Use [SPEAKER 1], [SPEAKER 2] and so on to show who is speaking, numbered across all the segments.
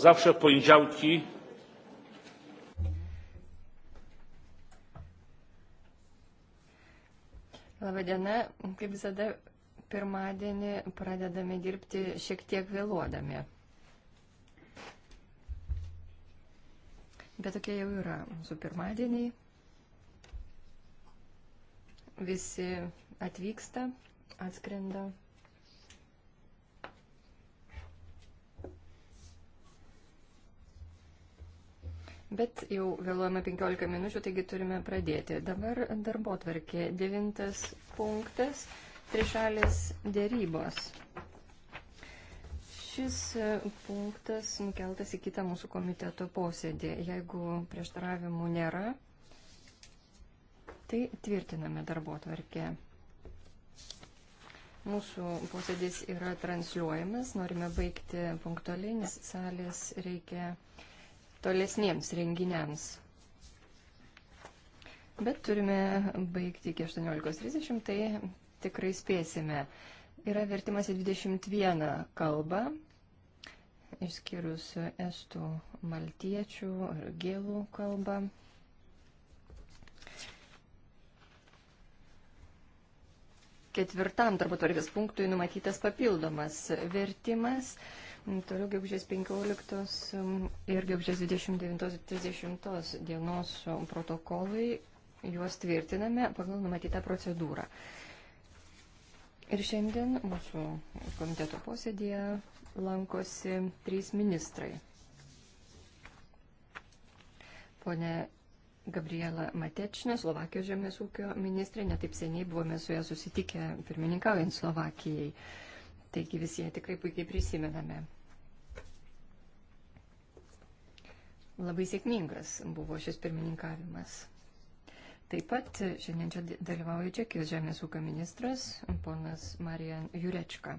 [SPEAKER 1] Zawsze w poniedziałki.
[SPEAKER 2] Labadiena, kaip visada, pirmadienį pradedame dirbti šiek tiek vėluodami. Bet tokie jau yra mūsų pirmadieniai. Visi atvyksta, atskrenda. Bet jau vėluojame 15 minučių, taigi turime pradėti. Dabar darbo tvarkė. Devintas punktas - trišalės dėrybos. Šis punktas nukeltas į kitą mūsų komiteto posėdį. Jeigu prieštaravimų nėra, tai tvirtiname darbo tvarkę. Mūsų posėdis yra transliuojamas, norime baigti punktualiai, nes salės reikia tolesniems renginiams. Bet turime baigti iki 18.30, tai tikrai spėsime. Yra vertimas į 21 kalbą, išskyrus estų, maltiečių ir gėlų kalbą. Ketvirtam darbotvarkės punktui numatytas papildomas vertimas. Toliau gegužės 15 um, ir gegužės 29-30 dienos protokolai, juos tvirtiname pagal numatytą procedūrą. Ir šiandien mūsų komiteto posėdėje lankosi trys ministrai. Pone Gabriela Matečnė, Slovakijos žemės ūkio ministrė, netaip seniai buvome su ją susitikę pirmininkaujant Slovakijai. Uh, Taigi visi ją tikrai puikiai prisimename. Labai sėkmingas buvo šis pirmininkavimas. Taip pat šiandien čia dalyvauja Čekijos žemės ūkio ministras, ponas Marijan Jurečka.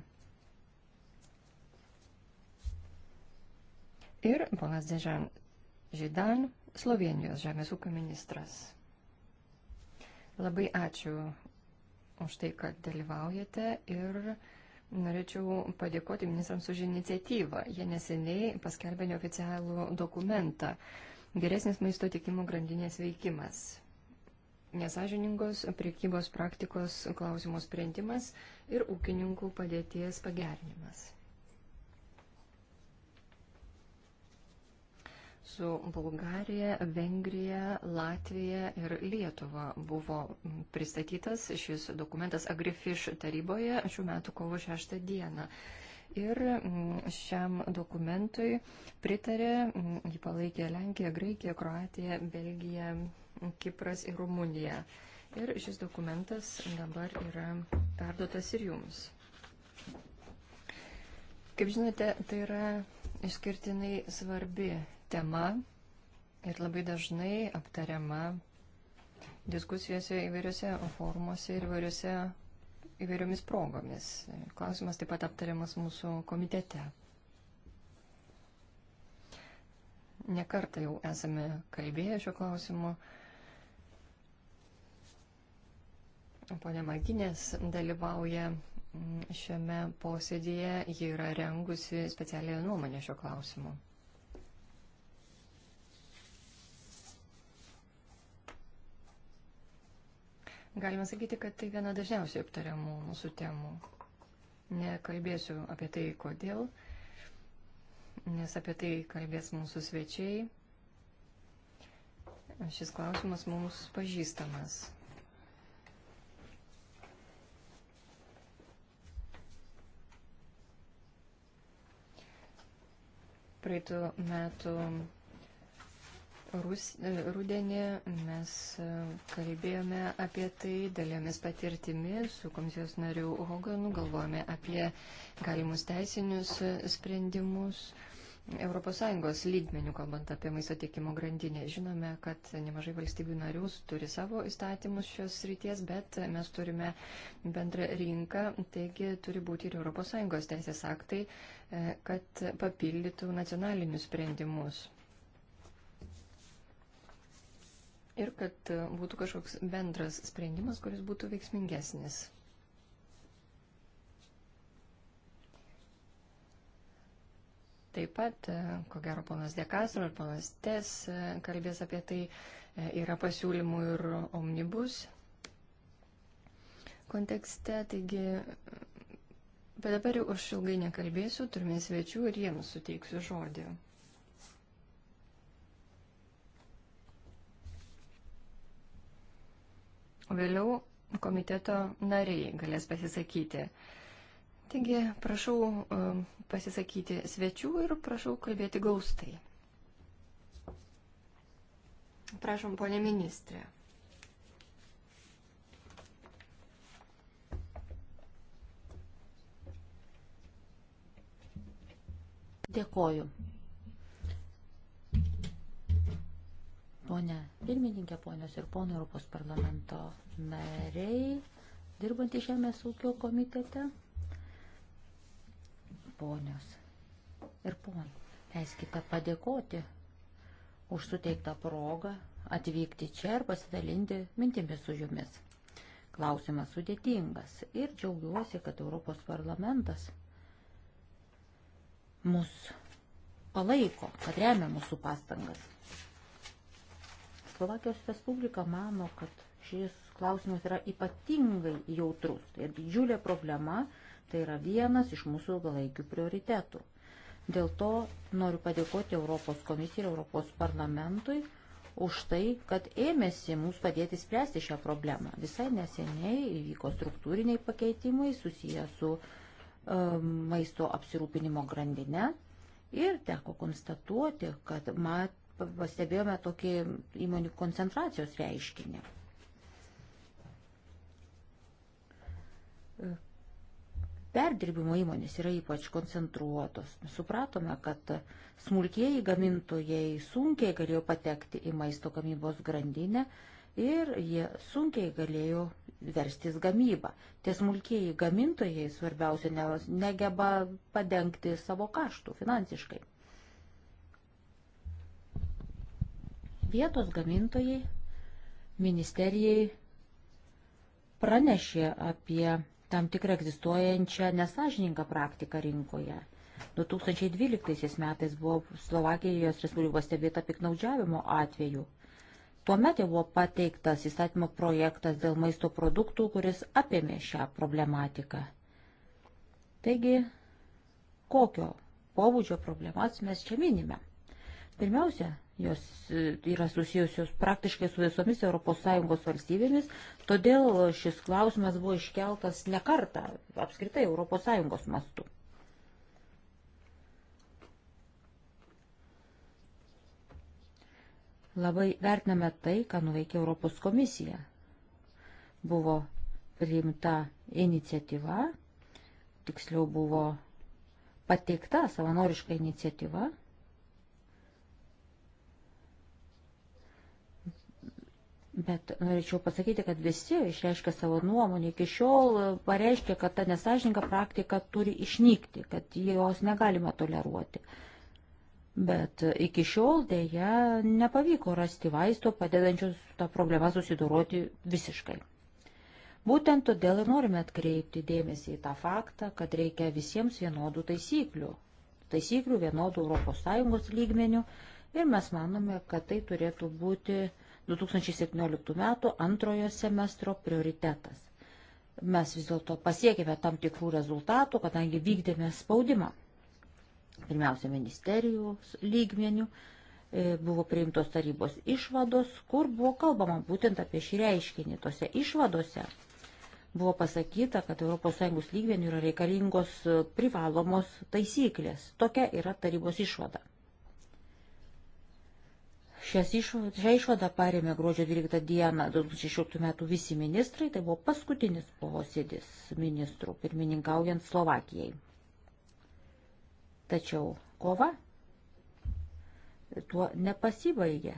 [SPEAKER 2] Ir ponas Dežan Židan, Slovenijos žemės ūkio ministras. Labai ačiū už tai, kad dalyvaujate ir Norėčiau padėkoti ministrams už iniciatyvą. Jie neseniai paskelbė neoficialų dokumentą Geresnis maisto tikimo grandinės veikimas. Nesažiningos priekybos praktikos klausimo sprendimas ir ūkininkų padėties pagerinimas. su Bulgarija, Vengrija, Latvija ir Lietuva buvo pristatytas šis dokumentas Agrifish taryboje šių metų kovo 6 dieną. Ir mm, šiam dokumentui pritarė, mm, jį palaikė Lenkija, Graikija, Kroatija, Belgija, Kipras ir Rumunija. Ir šis dokumentas dabar yra perduotas ir jums. Kaip žinote, tai yra išskirtinai svarbi tema ir labai dažnai aptariama diskusijose įvairiose forumuose ir įvairiose, įvairiomis progomis. Klausimas taip pat aptariamas mūsų komitete. Nekartą jau esame kalbėję šio klausimu. Pone Maginės dalyvauja šiame posėdėje, ji yra rengusi specialią nuomonę šio klausimu. Galima sakyti, kad tai viena dažniausiai aptariamų mūsų temų. Nekalbėsiu apie tai, kodėl, nes apie tai kalbės mūsų svečiai. Šis klausimas mums pažįstamas. Praeitų metų Rus, e, rudenį mes e, kalbėjome apie tai, dalėmės patirtimi su komisijos nariu Hoganu, galvojame apie galimus teisinius sprendimus. ES lygmenių, kalbant apie maisto tiekimo grandinę, žinome, kad nemažai valstybių narių turi savo įstatymus šios ryties, bet mes turime bendrą rinką, taigi turi būti ir ES teisės aktai, e, kad papildytų nacionalinius sprendimus. ir kad e, būtų kažkoks bendras sprendimas, kuris būtų veiksmingesnis. Taip pat, e, ko gero, ponas Dekastro ir ponas Tes e, kalbės apie tai, yra pasiūlymų ir omnibus kontekste, taigi, bet dabar jau aš ilgai nekalbėsiu, turime svečių ir jiems suteiksiu žodį. Vėliau komiteto nariai galės pasisakyti. Taigi prašau e, pasisakyti svečių ir prašau kalbėti glaustai. Prašom, ponė ministrė.
[SPEAKER 3] Dėkoju. Pone pirmininkė, ponios ir ponai Europos parlamento nariai, dirbantį Žemės ūkio komitete, ponios ir ponai, leiskite padėkoti už suteiktą progą atvykti čia ir pasidalinti mintimis su jumis. Klausimas sudėtingas ir džiaugiuosi, kad Europos parlamentas mus palaiko, kad remia mūsų pastangas. Slovakijos Respublika mano, kad šis klausimas yra ypatingai jautrus. Tai didžiulė problema, tai yra vienas iš mūsų ilgalaikių prioritetų. Dėl to noriu padėkoti Europos komisijai ir Europos parlamentui už tai, kad ėmėsi mums padėti spręsti šią problemą. Visai neseniai įvyko struktūriniai pakeitimai susiję su um, maisto apsirūpinimo grandinė ir teko konstatuoti, kad mat, pastebėjome tokį įmonių koncentracijos reiškinį. E, perdirbimo įmonės yra ypač koncentruotos. Supratome, kad smulkieji gamintojai sunkiai galėjo patekti į maisto gamybos grandinę ir jie sunkiai galėjo verstis gamybą. Tie smulkieji gamintojai svarbiausia negeba padengti savo kaštų finansiškai. vietos gamintojai ministerijai pranešė apie tam tikrą egzistuojančią nesažininką praktiką rinkoje. 2012 metais buvo Slovakijos Respublikos stebėta piknaudžiavimo atveju. Tuomet jau buvo pateiktas įstatymo projektas dėl maisto produktų, kuris apėmė šią problematiką. Taigi, kokio pobūdžio problemas mes čia minime? Pirmiausia, Jos e, yra susijusios praktiškai su visomis ES valstybėmis, todėl šis klausimas buvo iškeltas ne kartą apskritai ES mastu. Labai vertiname tai, ką nuveikė Europos komisija. Buvo priimta iniciatyva, tiksliau buvo pateikta savanoriška iniciatyva Bet norėčiau pasakyti, kad visi išreiškia savo nuomonę, iki šiol pareiškia, kad ta nesažininga praktika turi išnykti, kad jos negalima toleruoti. Bet iki šiol dėja nepavyko rasti vaisto, padedančios tą problemą susidoroti visiškai. Būtent todėl ir norime atkreipti dėmesį į tą faktą, kad reikia visiems vienodų taisyklių. Taisyklių vienodų ES lygmenių ir mes manome, kad tai turėtų būti 2017 metų antrojo semestro prioritetas. Mes vis dėlto pasiekėme tam tikrų rezultatų, kadangi vykdėme spaudimą. Pirmiausia, ministerijų lygmenių e, buvo priimtos tarybos išvados, kur buvo kalbama būtent apie šį reiškinį. Tose išvadose buvo pasakyta, kad ES lygmenių yra reikalingos e, privalomos taisyklės. Tokia yra tarybos išvada išvadą, šią išvadą parėmė gruodžio 12 dieną 2016 metų visi ministrai, tai buvo paskutinis posėdis ministrų pirmininkaujant Slovakijai. Tačiau kova tuo nepasibaigė.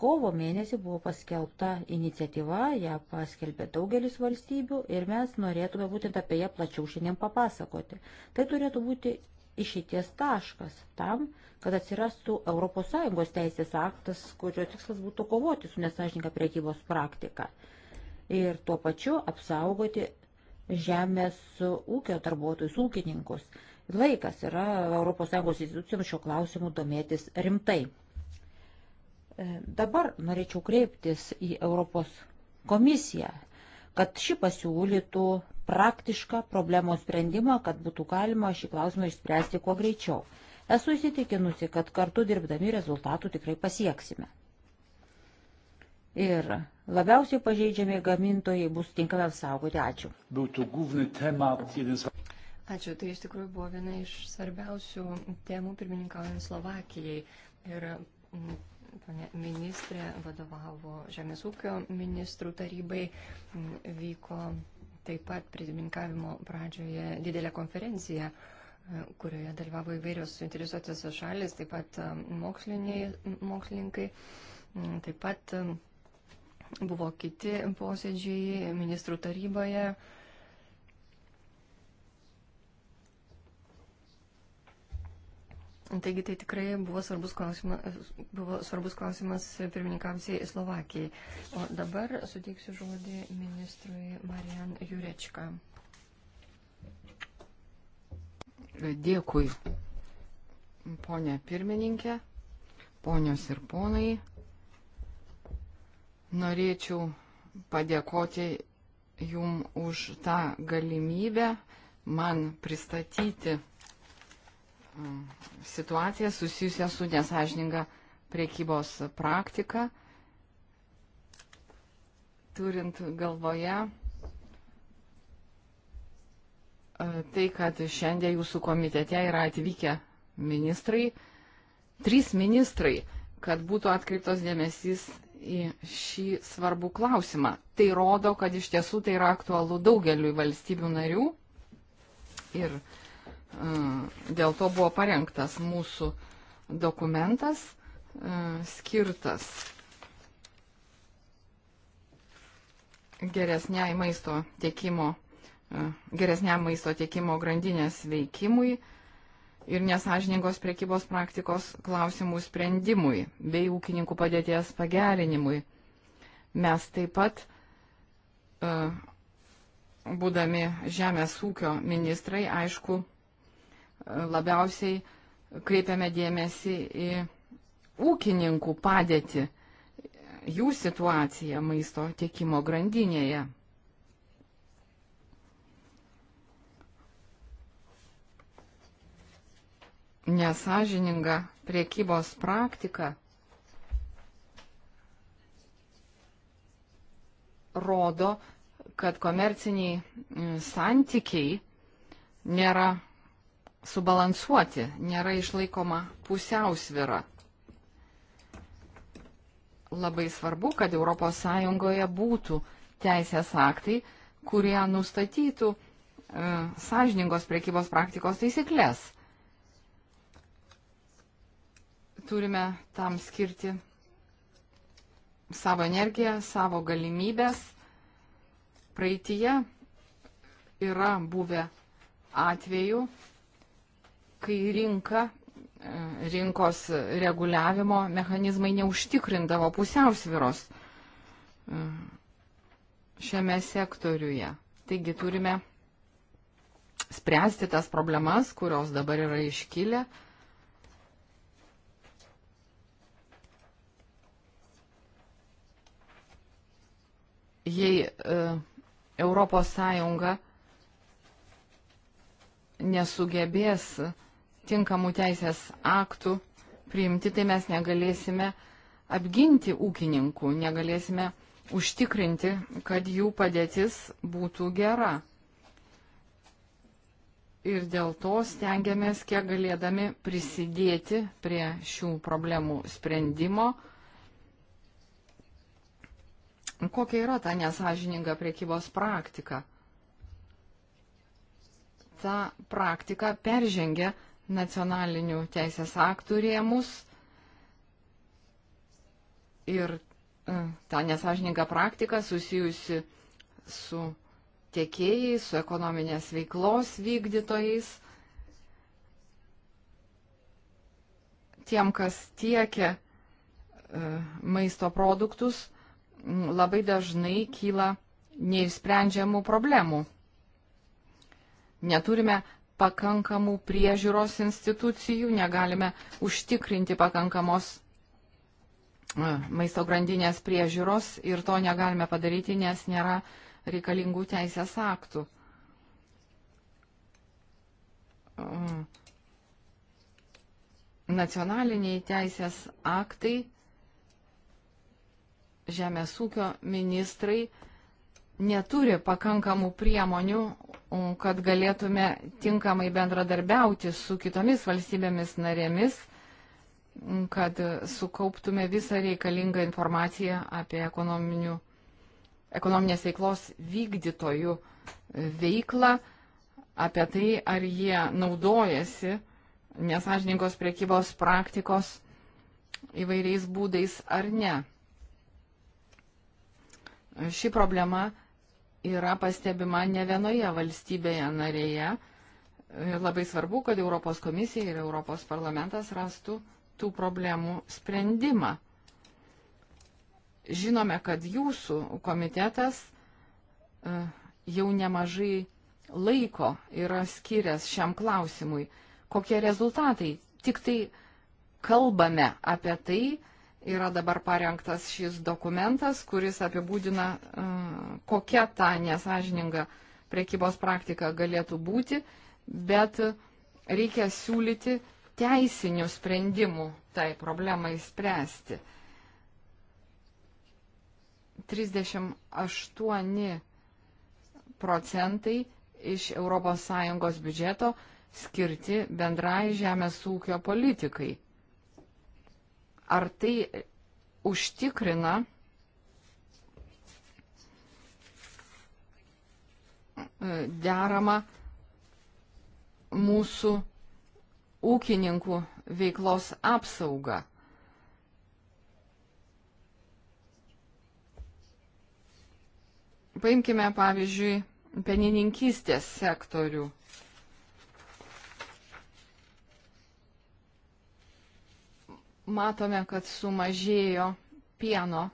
[SPEAKER 3] Kovo mėnesį buvo paskelbta iniciatyva, ją paskelbė daugelis valstybių ir mes norėtume būtent apie ją plačiau šiandien papasakoti. Tai turėtų būti išeities taškas tam, kad atsirastų ES teisės aktas, kurio tikslas būtų kovoti su nesažininka priekybos praktika ir tuo pačiu apsaugoti žemės ūkio darbuotojus, ūkininkus. Laikas yra ES institucijoms šio klausimu domėtis rimtai. E, dabar norėčiau kreiptis į Europos komisiją, kad ši pasiūlytų praktišką problemos sprendimą, kad būtų galima šį klausimą išspręsti kuo greičiau. Esu įsitikinusi, kad kartu dirbdami rezultatų tikrai pasieksime. Ir labiausiai pažeidžiami gamintojai bus tinkami apsaugoti. Ačiū.
[SPEAKER 2] Ačiū, tai iš tikrųjų buvo viena iš svarbiausių temų pirmininkaujant Slovakijai. Ir ponė ministrė vadovavo Žemės ūkio ministrų tarybai, vyko taip pat pridiminkavimo pradžioje didelę konferenciją, e, kurioje dalyvavo įvairios suinteresuotės šalis, taip pat e, mokslininkai, mm, taip pat e, buvo kiti posėdžiai ministrų taryboje, Taigi tai tikrai buvo svarbus klausimas, buvo svarbus klausimas pirmininkavsiai Slovakijai. O dabar suteiksiu žodį ministrui Marijan Jurečka.
[SPEAKER 4] Dėkui, ponė pirmininkė, ponios ir ponai. Norėčiau padėkoti jum už tą galimybę man pristatyti Mm, situaciją susijusią su nesažininga priekybos praktika, turint galvoje e, tai, kad šiandien jūsų komitete yra atvykę ministrai, trys ministrai, kad būtų atkreiptos dėmesys į šį svarbų klausimą. Tai rodo, kad iš tiesų tai yra aktualu daugeliui valstybių narių ir uh, Mm, dėl to buvo parengtas mūsų dokumentas mm, skirtas geresniai maisto tiekimo, mm, geresniam maisto tiekimo grandinės veikimui ir nesažiningos priekybos praktikos klausimų sprendimui bei ūkininkų padėties pagerinimui. Mes taip pat, būdami žemės ūkio ministrai, aišku, labiausiai kreipiame dėmesį į ūkininkų padėtį, jų situaciją maisto tiekimo grandinėje. Nesažininga priekybos praktika rodo, kad komerciniai mm, santykiai nėra subalansuoti, nėra išlaikoma pusiausvira. Labai svarbu, kad ES būtų teisės aktai, kurie nustatytų e, sąžiningos priekybos praktikos taisyklės. Turime tam skirti savo energiją, savo galimybės. Praeitie yra buvę atveju, kai rinka, e, rinkos reguliavimo mechanizmai neužtikrindavo pusiausviros e, šiame sektoriuje. Taigi turime spręsti tas problemas, kurios dabar yra iškilę. Jei uh, Europos Sąjunga nesugebės uh, tinkamų teisės aktų priimti, tai mes negalėsime apginti ūkininkų, negalėsime užtikrinti, kad jų padėtis būtų gera. Ir dėl to stengiamės, kiek galėdami, prisidėti prie šių problemų sprendimo. Kokia yra ta nesažininga priekybos praktika? Ta praktika peržengia nacionalinių teisės aktų rėmus ir e, tą nesažininką praktiką susijusi su tiekėjais, su ekonominės veiklos vykdytojais, tiem, kas tiekia e, maisto produktus, labai dažnai kyla neišsprendžiamų problemų. Neturime pakankamų priežiūros institucijų, negalime užtikrinti pakankamos e, maisto grandinės priežiūros ir to negalime padaryti, nes nėra reikalingų teisės aktų. E, nacionaliniai teisės aktai žemės ūkio ministrai neturi pakankamų priemonių kad galėtume tinkamai bendradarbiauti su kitomis valstybėmis narėmis, kad sukauptume visą reikalingą informaciją apie ekonominės veiklos vykdytojų veiklą, apie tai, ar jie naudojasi nesažininkos priekybos praktikos įvairiais būdais ar ne. Ši problema yra pastebima ne vienoje valstybėje narėje. Labai svarbu, kad Europos komisija ir Europos parlamentas rastų tų problemų sprendimą. Žinome, kad jūsų komitetas e, jau nemažai laiko yra skiręs šiam klausimui. Kokie rezultatai? Tik tai kalbame apie tai, yra dabar parengtas šis dokumentas, kuris apibūdina, e, kokia ta nesažininga prekybos praktika galėtų būti, bet reikia siūlyti teisinių sprendimų tai problemai spręsti. 38 procentai iš ES biudžeto skirti bendrai žemės ūkio politikai. Ar tai užtikrina e, deramą mūsų ūkininkų veiklos apsaugą? Paimkime pavyzdžiui penininkystės sektorių. matome, kad sumažėjo pieno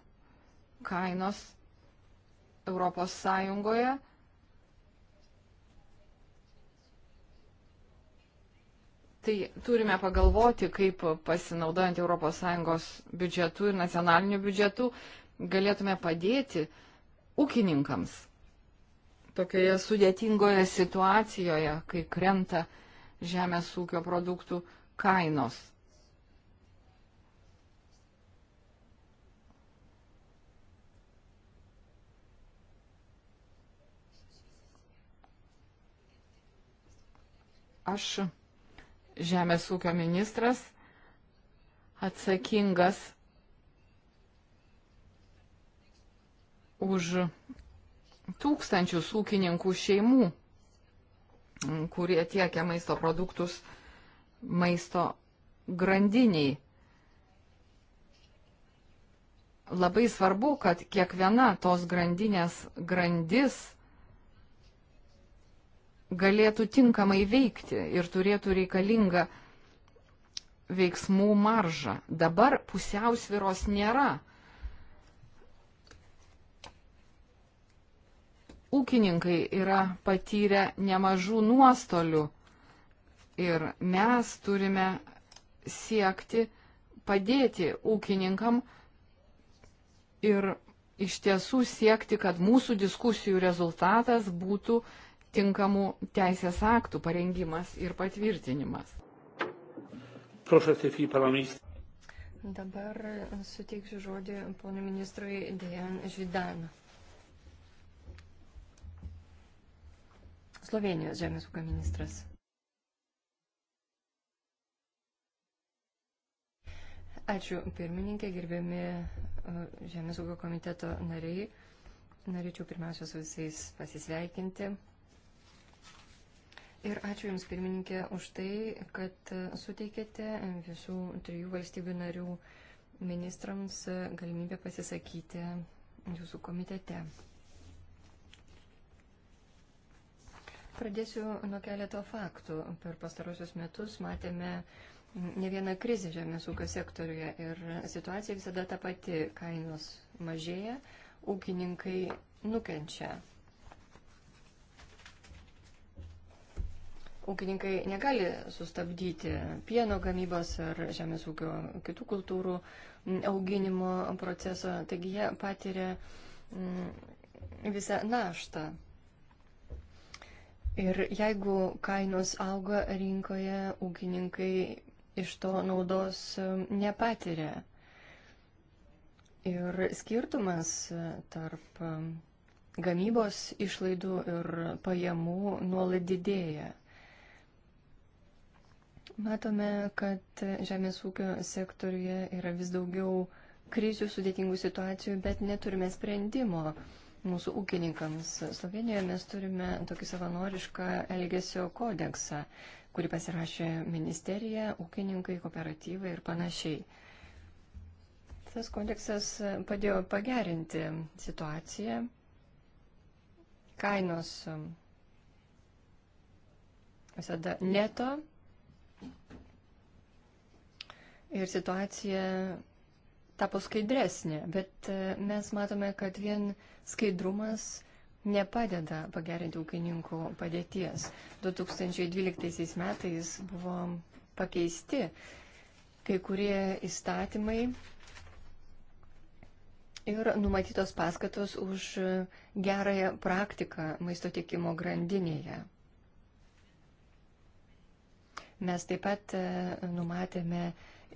[SPEAKER 4] kainos Europos Sąjungoje. Tai turime pagalvoti, kaip pasinaudojant ES biudžetu ir nacionaliniu biudžetu galėtume padėti ūkininkams tokioje sudėtingoje situacijoje, kai krenta žemės ūkio produktų kainos. aš, žemės ūkio ministras, atsakingas už tūkstančius ūkininkų šeimų, kurie tiekia maisto produktus maisto grandiniai. Labai svarbu, kad kiekviena tos grandinės grandis galėtų tinkamai veikti ir turėtų reikalingą veiksmų maržą. Dabar pusiausviros nėra. Ūkininkai yra patyrę nemažų nuostolių ir mes turime siekti padėti ūkininkam ir iš tiesų siekti, kad mūsų diskusijų rezultatas būtų uh, tinkamų teisės aktų parengimas ir patvirtinimas.
[SPEAKER 2] Dabar suteiksiu žodį ponui ministrui Dejan Žvidanu. Slovenijos žemės ūkio ministras. Ačiū pirmininkė, gerbiami uh, Žemės ūkio komiteto nariai. Norėčiau pirmiausia su visais pasisveikinti. Ir ačiū Jums, pirmininkė, už tai, kad suteikėte visų trijų valstybių narių ministrams galimybę pasisakyti Jūsų komitete. Pradėsiu nuo keleto faktų. Per pastarosius metus matėme ne vieną krizę žemės ūkio sektoriuje ir situacija visada ta pati. Kainos mažėja, ūkininkai nukenčia ūkininkai negali sustabdyti pieno gamybos ar žemės ūkio kitų kultūrų auginimo proceso, taigi jie patiria visą naštą. Ir jeigu kainos auga rinkoje, ūkininkai iš to naudos nepatiria. Ir skirtumas tarp gamybos išlaidų ir pajamų nuolat didėja. Matome, kad žemės ūkio sektoriuje yra vis daugiau krizių, sudėtingų situacijų, bet neturime sprendimo mūsų ūkininkams. Slovenijoje mes turime tokį savanorišką elgesio kodeksą, kurį pasirašė ministerija, ūkininkai, kooperatyvai ir panašiai. Tas kodeksas padėjo pagerinti situaciją. Kainos visada neto Ir situacija tapo skaidresnė, bet e, mes matome, kad vien skaidrumas nepadeda pagerinti ūkininkų padėties. 2012 metais buvo pakeisti kai kurie įstatymai ir numatytos paskatos už gerąją praktiką maisto tiekimo grandinėje. Mes taip pat e, numatėme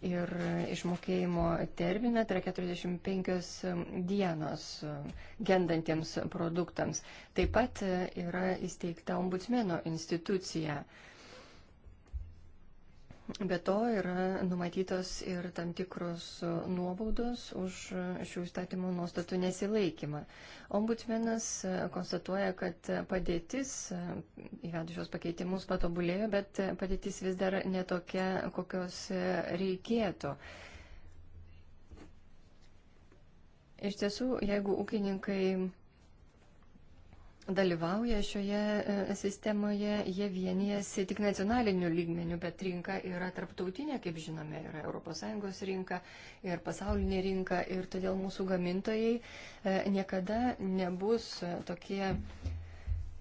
[SPEAKER 2] ir išmokėjimo terminą, tai yra 45 e, dienos e, gendantiems produktams. Taip pat yra įsteigta ombudsmeno institucija. Be to yra numatytos ir tam tikros nuobaudos už šių įstatymų nuostatų nesilaikymą. Ombudsmenas konstatuoja, kad padėtis įvedusios pakeitimus patobulėjo, bet padėtis vis dar netokia, kokios reikėtų. Iš tiesų, jeigu ūkininkai dalyvauja šioje e, sistemoje, jie vienijasi tik nacionaliniu lygmeniu, bet rinka yra tarptautinė, kaip žinome, yra ES rinka ir pasaulinė rinka ir todėl mūsų gamintojai e, niekada nebus e, tokie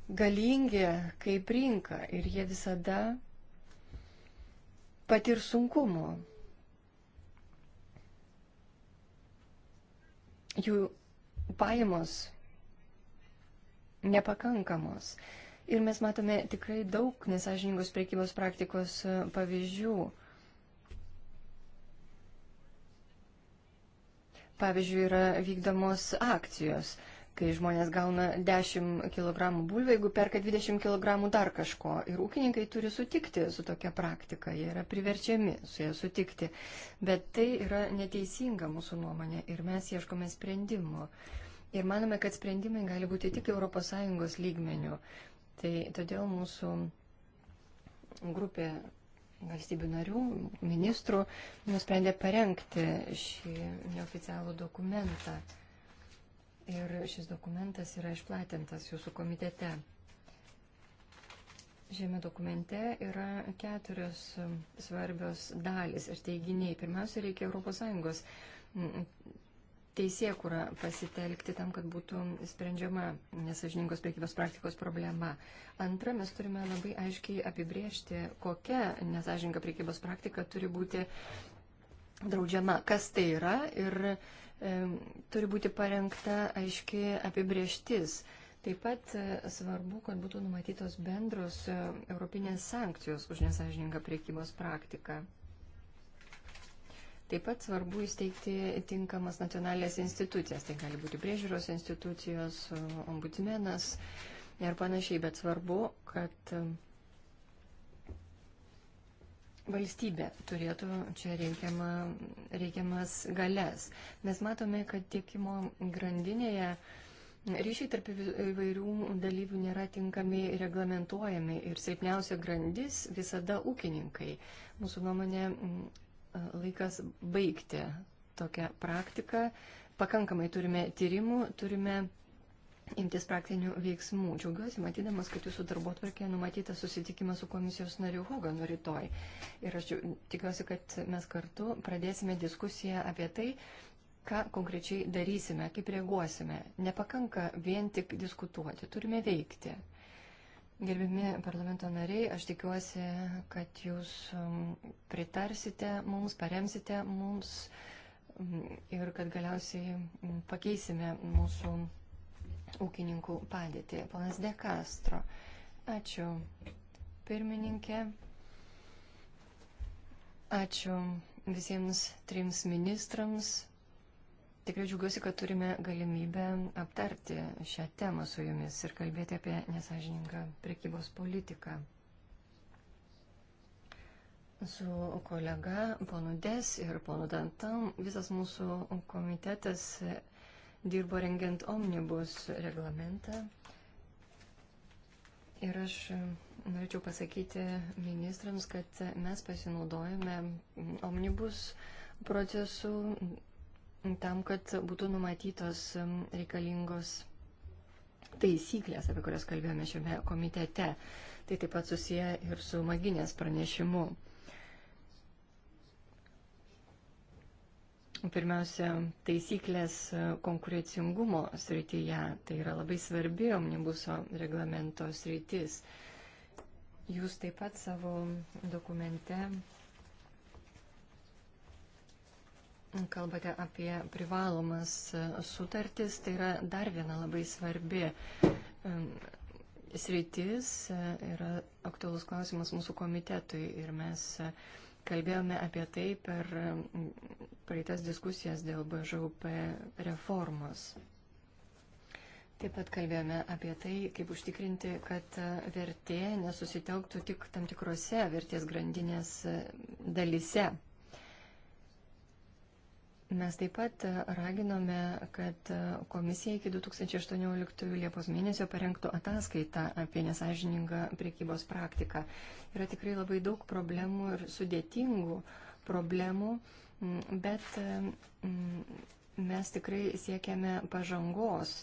[SPEAKER 2] galingi kaip rinka ir jie visada patir sunkumų. Jų pajamos nepakankamos. Ir mes matome tikrai daug nesažiningos priekybos praktikos e, pavyzdžių. Pavyzdžiui, yra vykdomos akcijos, kai žmonės gauna 10 kg bulvių, jeigu perka 20 kg dar kažko. Ir ūkininkai turi sutikti su tokia praktika, jie yra priverčiami su ja sutikti. Bet tai yra neteisinga mūsų nuomonė ir mes ieškome sprendimo. Uh, ir manome, kad sprendimai gali būti tik ES lygmenių. Tai todėl mūsų grupė valstybių narių, ministrų nusprendė parengti šį neoficialų dokumentą. Ir šis dokumentas yra išplatintas jūsų komitete. Šiame dokumente yra keturios svarbios dalis ir teiginiai. Pirmiausia, reikia ES teisėkurą pasitelkti tam, kad būtų sprendžiama nesažiningos priekybos praktikos problema. Antra, mes turime labai aiškiai apibriežti, kokia nesažininga priekybos praktika turi būti draudžiama, kas tai yra ir e, turi būti parengta aiški apibrieštis. Taip pat e, svarbu, kad būtų numatytos bendros e, europinės sankcijos už nesažininką priekybos praktiką. Taip pat svarbu įsteigti tinkamas nacionalinės institucijas. Tai gali būti priežiūros institucijos, ombudsmenas ir panašiai. Bet svarbu, kad um, valstybė turėtų čia reikiamą, reikiamas galės. Mes matome, kad tiekimo grandinėje ryšiai tarp įvairių dalyvių nėra tinkami reglamentuojami ir silpniausia grandis visada ūkininkai. Mūsų nuomonė laikas baigti tokią praktiką. Pakankamai turime tyrimų, turime imtis praktinių veiksmų. Džiaugiuosi matydamas, kad jūsų darbo tvarkėje numatyta susitikimas su komisijos nariu Hoganu rytoj. Ir aš tikiuosi, kad mes kartu pradėsime diskusiją apie tai, ką konkrečiai darysime, kaip reaguosime. Nepakanka vien tik diskutuoti, turime veikti. Gerbimi parlamento nariai, aš tikiuosi, kad jūs um, pritarsite mums, paremsite mums um, ir kad galiausiai um, pakeisime mūsų ūkininkų padėtį. Ponas De Castro, ačiū pirmininkė, ačiū visiems trims ministrams, Tikrai džiugiuosi, kad turime galimybę aptarti šią temą su jumis ir kalbėti apie nesažiningą prekybos politiką. Su kolega ponu Des ir ponu Dantam visas mūsų komitetas dirbo rengiant omnibus reglamentą. Ir aš norėčiau pasakyti ministrams, kad mes pasinaudojame omnibus procesu tam, kad būtų numatytos reikalingos taisyklės, apie kurias kalbėjome šiame komitete. Tai taip pat susiję ir su maginės pranešimu. Pirmiausia, taisyklės e, konkurencingumo srityje. Tai yra labai svarbi omnibuso reglamento sritis. Jūs taip pat savo dokumente Kalbate apie privalomas e, sutartis, tai yra dar viena labai svarbi sritis, e, yra aktualus klausimas mūsų komitetui ir mes e, kalbėjome apie tai per praeitas diskusijas dėl BŽUP reformos. Taip pat kalbėjome apie tai, kaip užtikrinti, kad vertė nesusitelktų tik tam tikrose vertės grandinės dalise. Mes taip pat e, raginome, kad e, komisija iki 2018 Liepos mėnesio parengtų ataskaitą apie nesažiningą priekybos praktiką. Yra tikrai labai daug problemų ir sudėtingų problemų, bet e, mes tikrai siekiame pažangos.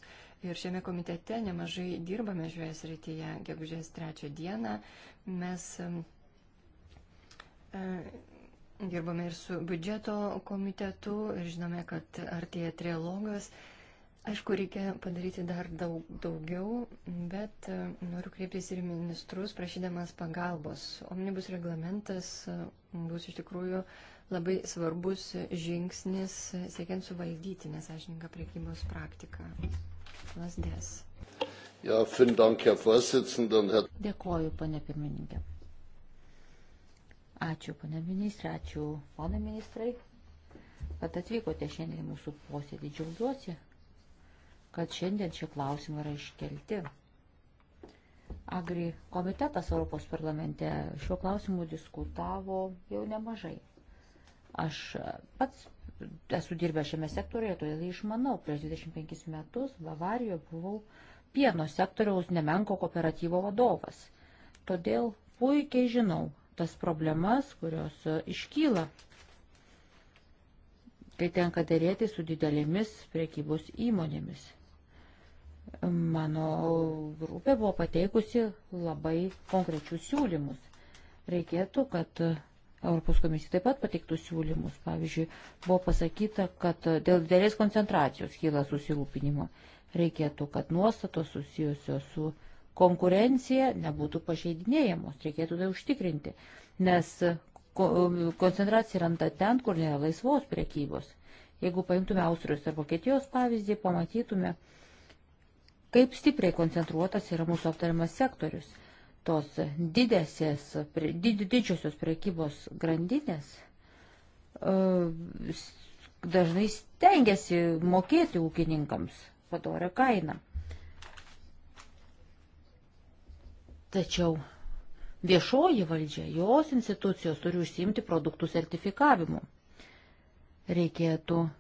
[SPEAKER 2] Ir šiame komitete nemažai dirbame šioje srityje. Gegužės trečią dieną mes Dirbame ir su biudžeto komitetu ir žinome, kad artėja trialogas. Aišku, reikia padaryti dar daug, daugiau, bet e, noriu kreiptis ir ministrus, prašydamas pagalbos. Omnibus reglamentas e, bus iš tikrųjų labai svarbus žingsnis e, siekiant suvaldyti nesažininką priekybos praktiką. Lasdės.
[SPEAKER 1] Ja, dank, Herr
[SPEAKER 2] Dėkoju, pane
[SPEAKER 3] pirmininkė. Ačiū, pane ministrė, ačiū, ponai ministrai, kad atvykote šiandien į mūsų posėdį. Džiaugiuosi, kad šiandien šie klausimai yra iškelti. Agri komitetas Europos parlamente šiuo klausimu diskutavo jau nemažai. Aš pats esu dirbęs šiame sektoriuje, todėl išmanau, prieš 25 metus Bavarijoje buvau pieno sektoriaus nemenko kooperatyvo vadovas. Todėl puikiai žinau, tas problemas, kurios e, iškyla, kai tenka dėrėti su didelėmis priekybos įmonėmis. Mano grupė buvo pateikusi labai konkrečius siūlymus. Reikėtų, kad Europos komisija taip pat pateiktų siūlymus. Pavyzdžiui, buvo pasakyta, kad dėl didelės koncentracijos kyla susirūpinimo. Reikėtų, kad nuostatos susijusios su konkurencija nebūtų pažeidinėjamos, reikėtų tai užtikrinti, nes koncentracija randa ten, kur nėra laisvos priekybos. Jeigu paimtume Austrijos ar Vokietijos pavyzdį, pamatytume, kaip stipriai koncentruotas yra mūsų aptariamas sektorius. Tos didesės, did, didžiosios priekybos grandinės e, dažnai stengiasi mokėti ūkininkams padorę kainą. Tačiau viešoji valdžia, jos institucijos turi užsiimti produktų sertifikavimu. Reikėtų e,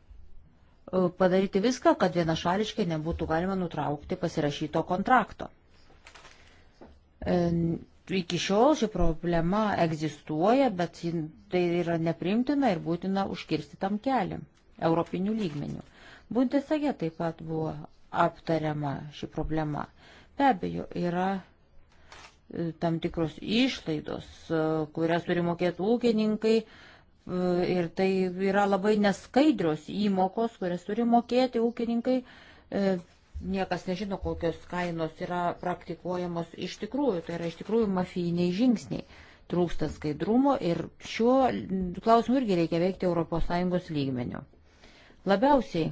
[SPEAKER 3] padaryti viską, kad vienašališkai nebūtų galima nutraukti pasirašyto kontrakto. E, iki šiol ši problema egzistuoja, bet tai yra neprimtina ir būtina užkirsti tam kelią europinių lygmenių. Bundesage taip pat buvo aptariama ši problema. Be abejo, yra tam tikros išlaidos, e, kurias turi mokėti ūkininkai. E, ir tai yra labai neskaidrios įmokos, kurias turi mokėti ūkininkai. E, niekas nežino, kokios kainos yra praktikuojamos iš tikrųjų. Tai yra iš tikrųjų mafijiniai žingsniai. Trūksta skaidrumo ir šiuo klausimu irgi reikia veikti ES lygmeniu. Labiausiai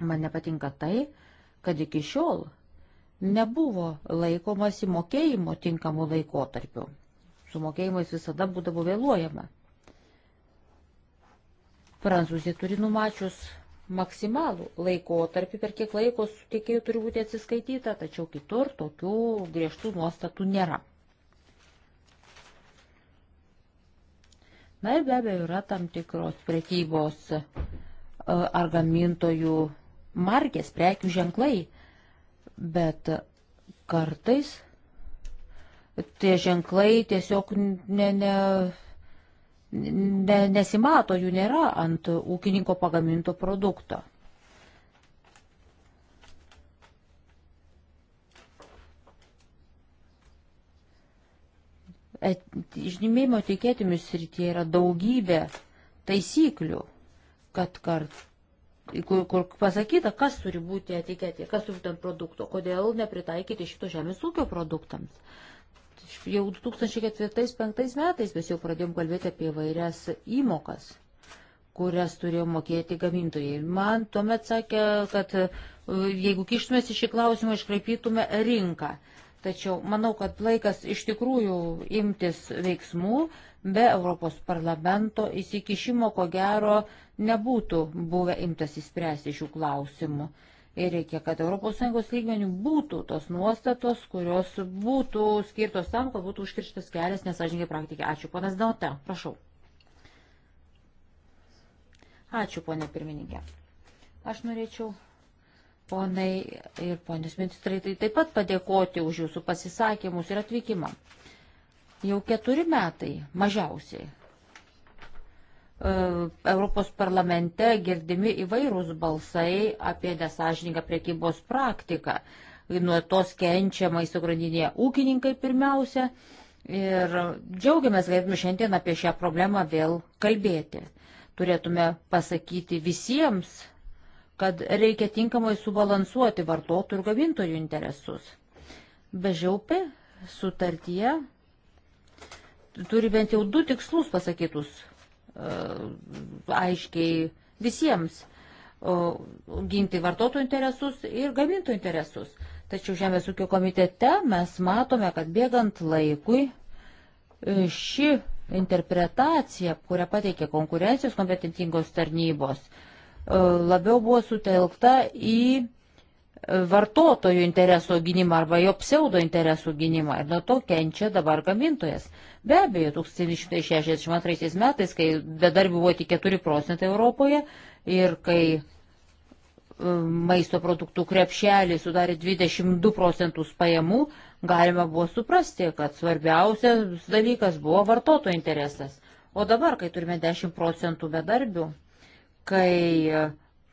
[SPEAKER 3] man nepatinka tai, kad iki šiol nebuvo laikomasi mokėjimo tinkamų laikotarpių. Su mokėjimais visada būdavo vėluojama. Prancūzija turi numačius maksimalų laikotarpį, per kiek laiko sutikėjų turi būti atsiskaityta, tačiau kitur tokių griežtų nuostatų nėra. Na ir be abejo yra tam tikros prekybos e, ar gamintojų markės, prekių ženklai, bet kartais tie ženklai tiesiog ne, ne, ne, nesimato, jų nėra ant ūkininko pagaminto produkto. Žymėjimo tikėtimis srityje yra daugybė taisyklių, kad kart kur, kur pasakyta, kas turi būti etiketė, kas turi būti ant produkto, kodėl nepritaikyti šito žemės ūkio produktams. Jau 2004-2005 metais mes jau pradėjom kalbėti apie vairias įmokas, kurias turėjo mokėti gamintojai. Man tuomet sakė, kad e, jeigu kištumės į šį klausimą, iškraipytume rinką. Tačiau manau, kad laikas iš tikrųjų imtis veiksmų be Europos parlamento įsikišimo, ko gero, nebūtų buvę imtas įspręsti šių klausimų. Ir reikia, kad ES lygmenių būtų tos nuostatos, kurios būtų skirtos tam, kad būtų užkirštas kelias nesažininkai praktikai. Ačiū, ponas Dauta, prašau. Ačiū, ponė pirmininkė. Aš norėčiau ponai ir ponios ministrai, tai taip pat padėkoti už jūsų pasisakymus ir atvykimą. Jau keturi metai mažiausiai. E, Europos parlamente girdimi įvairūs balsai apie nesažininką priekybos praktiką. Nuo tos kenčia maisto grandinėje ūkininkai pirmiausia. Ir džiaugiamės, galėtume šiandien apie šią problemą vėl kalbėti. Turėtume pasakyti visiems kad reikia tinkamai subalansuoti vartotojų ir gamintojų interesus. Bežiaupė sutartyje turi bent jau du tikslus pasakytus e, aiškiai visiems ginti vartotojų interesus ir gamintojų interesus. Tačiau Žemės ūkio komitete mes matome, kad bėgant laikui e, ši interpretacija, kurią pateikė konkurencijos kompetentingos tarnybos, labiau buvo sutelkta į vartotojų interesų gynimą arba jo pseudo interesų gynimą ir nuo to kenčia dabar gamintojas. Be abejo, 1962 metais, kai bedarbių buvo tik 4 procentai Europoje ir kai e, maisto produktų krepšelį sudarė 22 procentus pajamų, galima buvo suprasti, kad svarbiausias dalykas buvo vartotojų interesas. O dabar, kai turime 10 procentų bedarbių, kai e,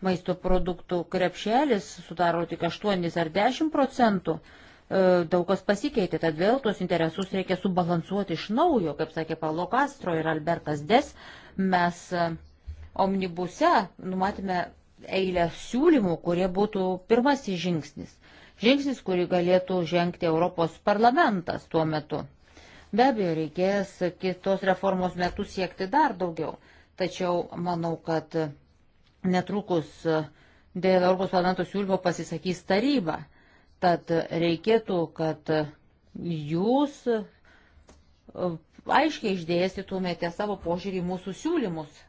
[SPEAKER 3] maisto produktų krepšelis sudaro tik 8 ar 10 procentų, e, daug kas pasikeitė, tad vėl tuos interesus reikia subalansuoti iš naujo, kaip sakė Paulo Castro ir Albertas Des, mes e, omnibuse numatėme eilę siūlymų, kurie būtų pirmasis žingsnis. Žingsnis, kurį galėtų žengti Europos parlamentas tuo metu. Be abejo, reikės kitos reformos metu siekti dar daugiau, tačiau manau, kad netrukus e, dėl Europos parlamento siūlymo pasisakys taryba. Tad reikėtų, kad e, jūs e, aiškiai išdėstytumėte savo požiūrį į mūsų siūlymus,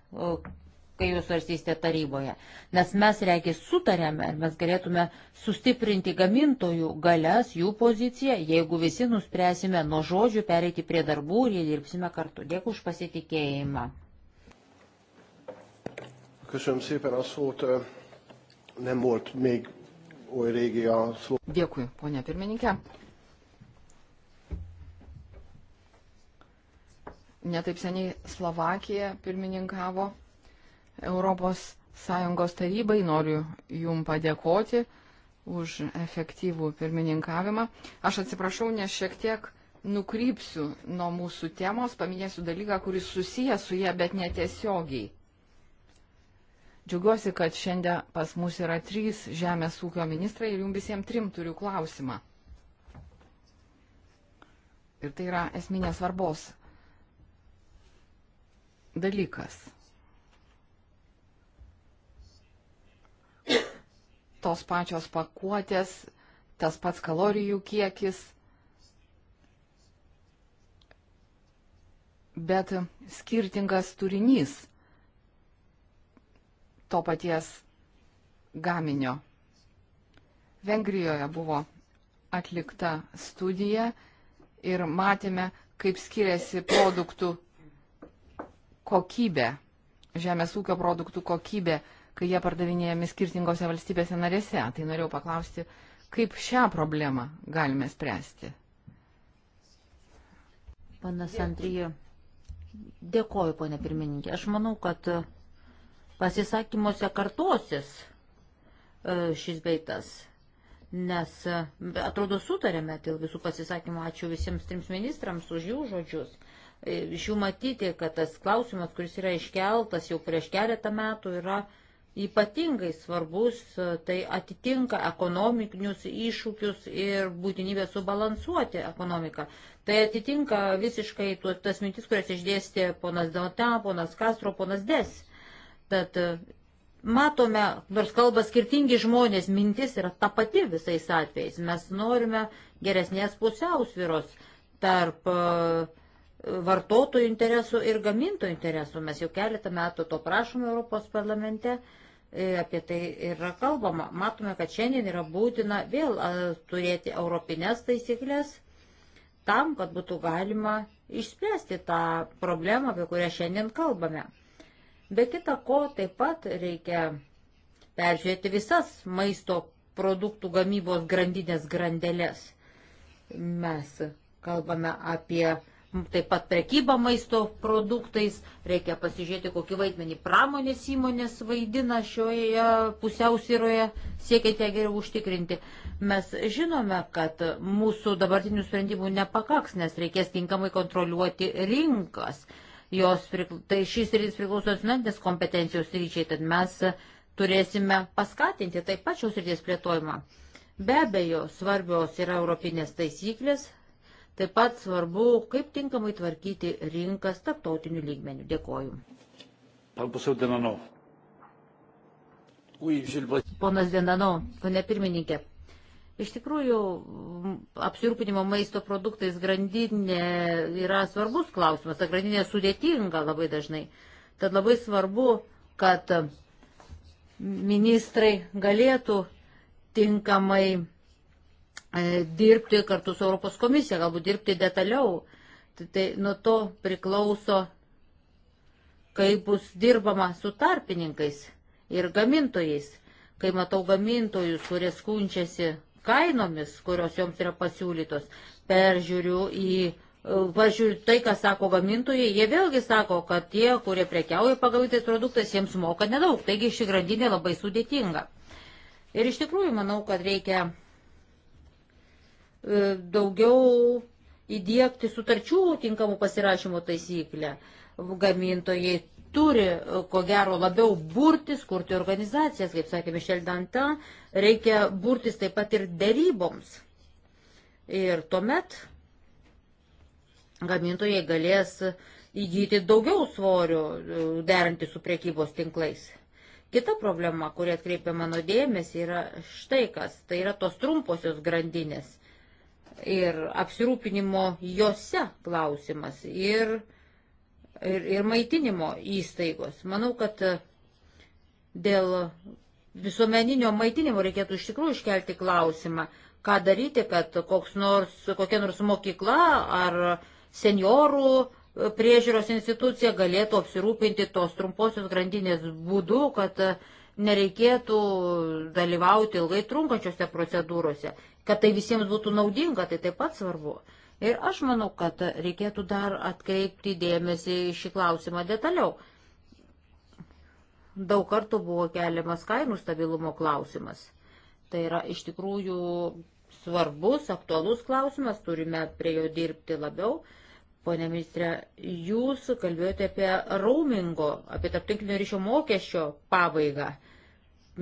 [SPEAKER 3] kai jūs svarstysite taryboje. Nes mes, reikia, sutarėme ir mes galėtume sustiprinti gamintojų galias, jų poziciją, jeigu visi nuspręsime nuo žodžių pereiti prie darbų ir dirbsime kartu. Dėkui už pasitikėjimą.
[SPEAKER 4] Köszönöm szépen a szót. Nem volt még oly régi a szó. Dėkui, ponia pirmininkė. Netaip seniai Slovakija pirmininkavo Europos Sąjungos tarybai. Noriu jum padėkoti už efektyvų pirmininkavimą. Aš atsiprašau, nes šiek tiek nukrypsiu nuo mūsų temos, paminėsiu dalyką, kuris susijęs su ją, bet netiesiogiai. Džiaugiuosi, kad šiandien pas mus yra trys žemės ūkio ministrai ir jums visiems trim turiu klausimą. Ir tai yra esminės svarbos dalykas. Tos pačios pakuotės, tas pats kalorijų kiekis, bet skirtingas turinys to paties gaminio. Vengrijoje buvo atlikta studija ir matėme, kaip skiriasi produktų kokybė, žemės ūkio produktų kokybė, kai jie pardavinėjami skirtingose valstybėse narėse.
[SPEAKER 3] Tai norėjau paklausti, kaip šią problemą galime spręsti. Panas Andrija, dėkoju, ponė pirmininkė. Aš manau, kad pasisakymuose kartosis e, šis beitas, nes e, atrodo sutarėme dėl visų pasisakymų. Ačiū visiems trims ministrams už jų žodžius. E, iš jų matyti, kad tas klausimas, kuris yra iškeltas jau prieš keletą metų, yra ypatingai svarbus, tai atitinka ekonominius iššūkius ir būtinybę subalansuoti ekonomiką. Tai atitinka visiškai tuos, tas mintis, kurias išdėstė ponas Dauta, ponas Kastro, ponas Des. Tad e, matome, nors kalba skirtingi žmonės, mintis yra ta pati visais atvejais. Mes norime geresnės pusiausviros tarp e, vartotojų interesų ir gamintojų interesų. Mes jau keletą metų to prašome Europos parlamente, e, apie tai yra kalbama. Matome, kad šiandien yra būtina vėl turėti europinės taisyklės tam, kad būtų galima išspręsti tą problemą, apie kurią šiandien kalbame. Be kita ko, taip pat reikia peržiūrėti visas maisto produktų gamybos grandinės grandelės. Mes kalbame apie taip pat prekybą maisto produktais, reikia pasižiūrėti, kokį vaidmenį pramonės įmonės vaidina šioje pusiausvyroje, siekiant ją geriau užtikrinti. Mes žinome, kad mūsų dabartinių sprendimų nepakaks, nes reikės tinkamai kontroliuoti rinkas jos, tai šis rytis priklauso nacionalinės kompetencijos ryčiai, tad mes turėsime paskatinti taip pat šios rytis plėtojimą. Be abejo, svarbios yra europinės taisyklės, taip pat svarbu, kaip tinkamai tvarkyti rinkas tarptautiniu lygmeniu. Dėkoju. Ponas Dienano, ponė pirmininkė. Iš tikrųjų, apsirūpinimo maisto produktais grandinė yra svarbus klausimas, ta grandinė sudėtinga labai dažnai. Tad labai svarbu, kad ministrai galėtų tinkamai e, dirbti kartu su Europos komisija, galbūt dirbti detaliau. Tai nuo to priklauso, kaip bus dirbama su tarpininkais ir gamintojais. Kai matau gamintojus, kurie skunčiasi kainomis, kurios joms yra pasiūlytos. Peržiūriu į Pažiūrėjau, tai, ką sako gamintojai, jie vėlgi sako, kad tie, kurie prekiauja pagamintais produktais, jiems moka nedaug. Taigi ši grandinė labai sudėtinga. Ir iš tikrųjų manau, kad reikia e, daugiau įdėkti sutarčių tinkamų pasirašymo taisyklę. Gamintojai turi, e, ko gero, labiau burtis, kurti organizacijas, kaip sakė Mišel Danta, reikia burtis taip pat ir dėryboms. Ir tuomet gamintojai galės įgyti daugiau svorių e, derinti su priekybos tinklais. Kita problema, kuri atkreipia mano dėmesį, yra štai kas. Tai yra tos trumposios grandinės ir apsirūpinimo jose klausimas. Ir ir, ir maitinimo įstaigos. Manau, kad e, dėl visuomeninio maitinimo reikėtų iš tikrųjų iškelti klausimą, ką daryti, kad nors, kokia nors mokykla ar seniorų e, priežiūros institucija galėtų apsirūpinti tos trumposios grandinės būdu, kad e, nereikėtų dalyvauti ilgai trunkančiose procedūrose, kad tai visiems būtų naudinga, tai taip pat svarbu. Uh, Ir aš manau, kad reikėtų dar atkreipti dėmesį į šį klausimą detaliau. Daug kartų buvo keliamas kainų stabilumo klausimas. Tai yra iš tikrųjų svarbus, aktualus klausimas, turime prie jo dirbti labiau. Pone ministrė, jūs kalbėjote apie raumingo, apie tarptinklinio ryšio mokesčio pabaigą. Uh,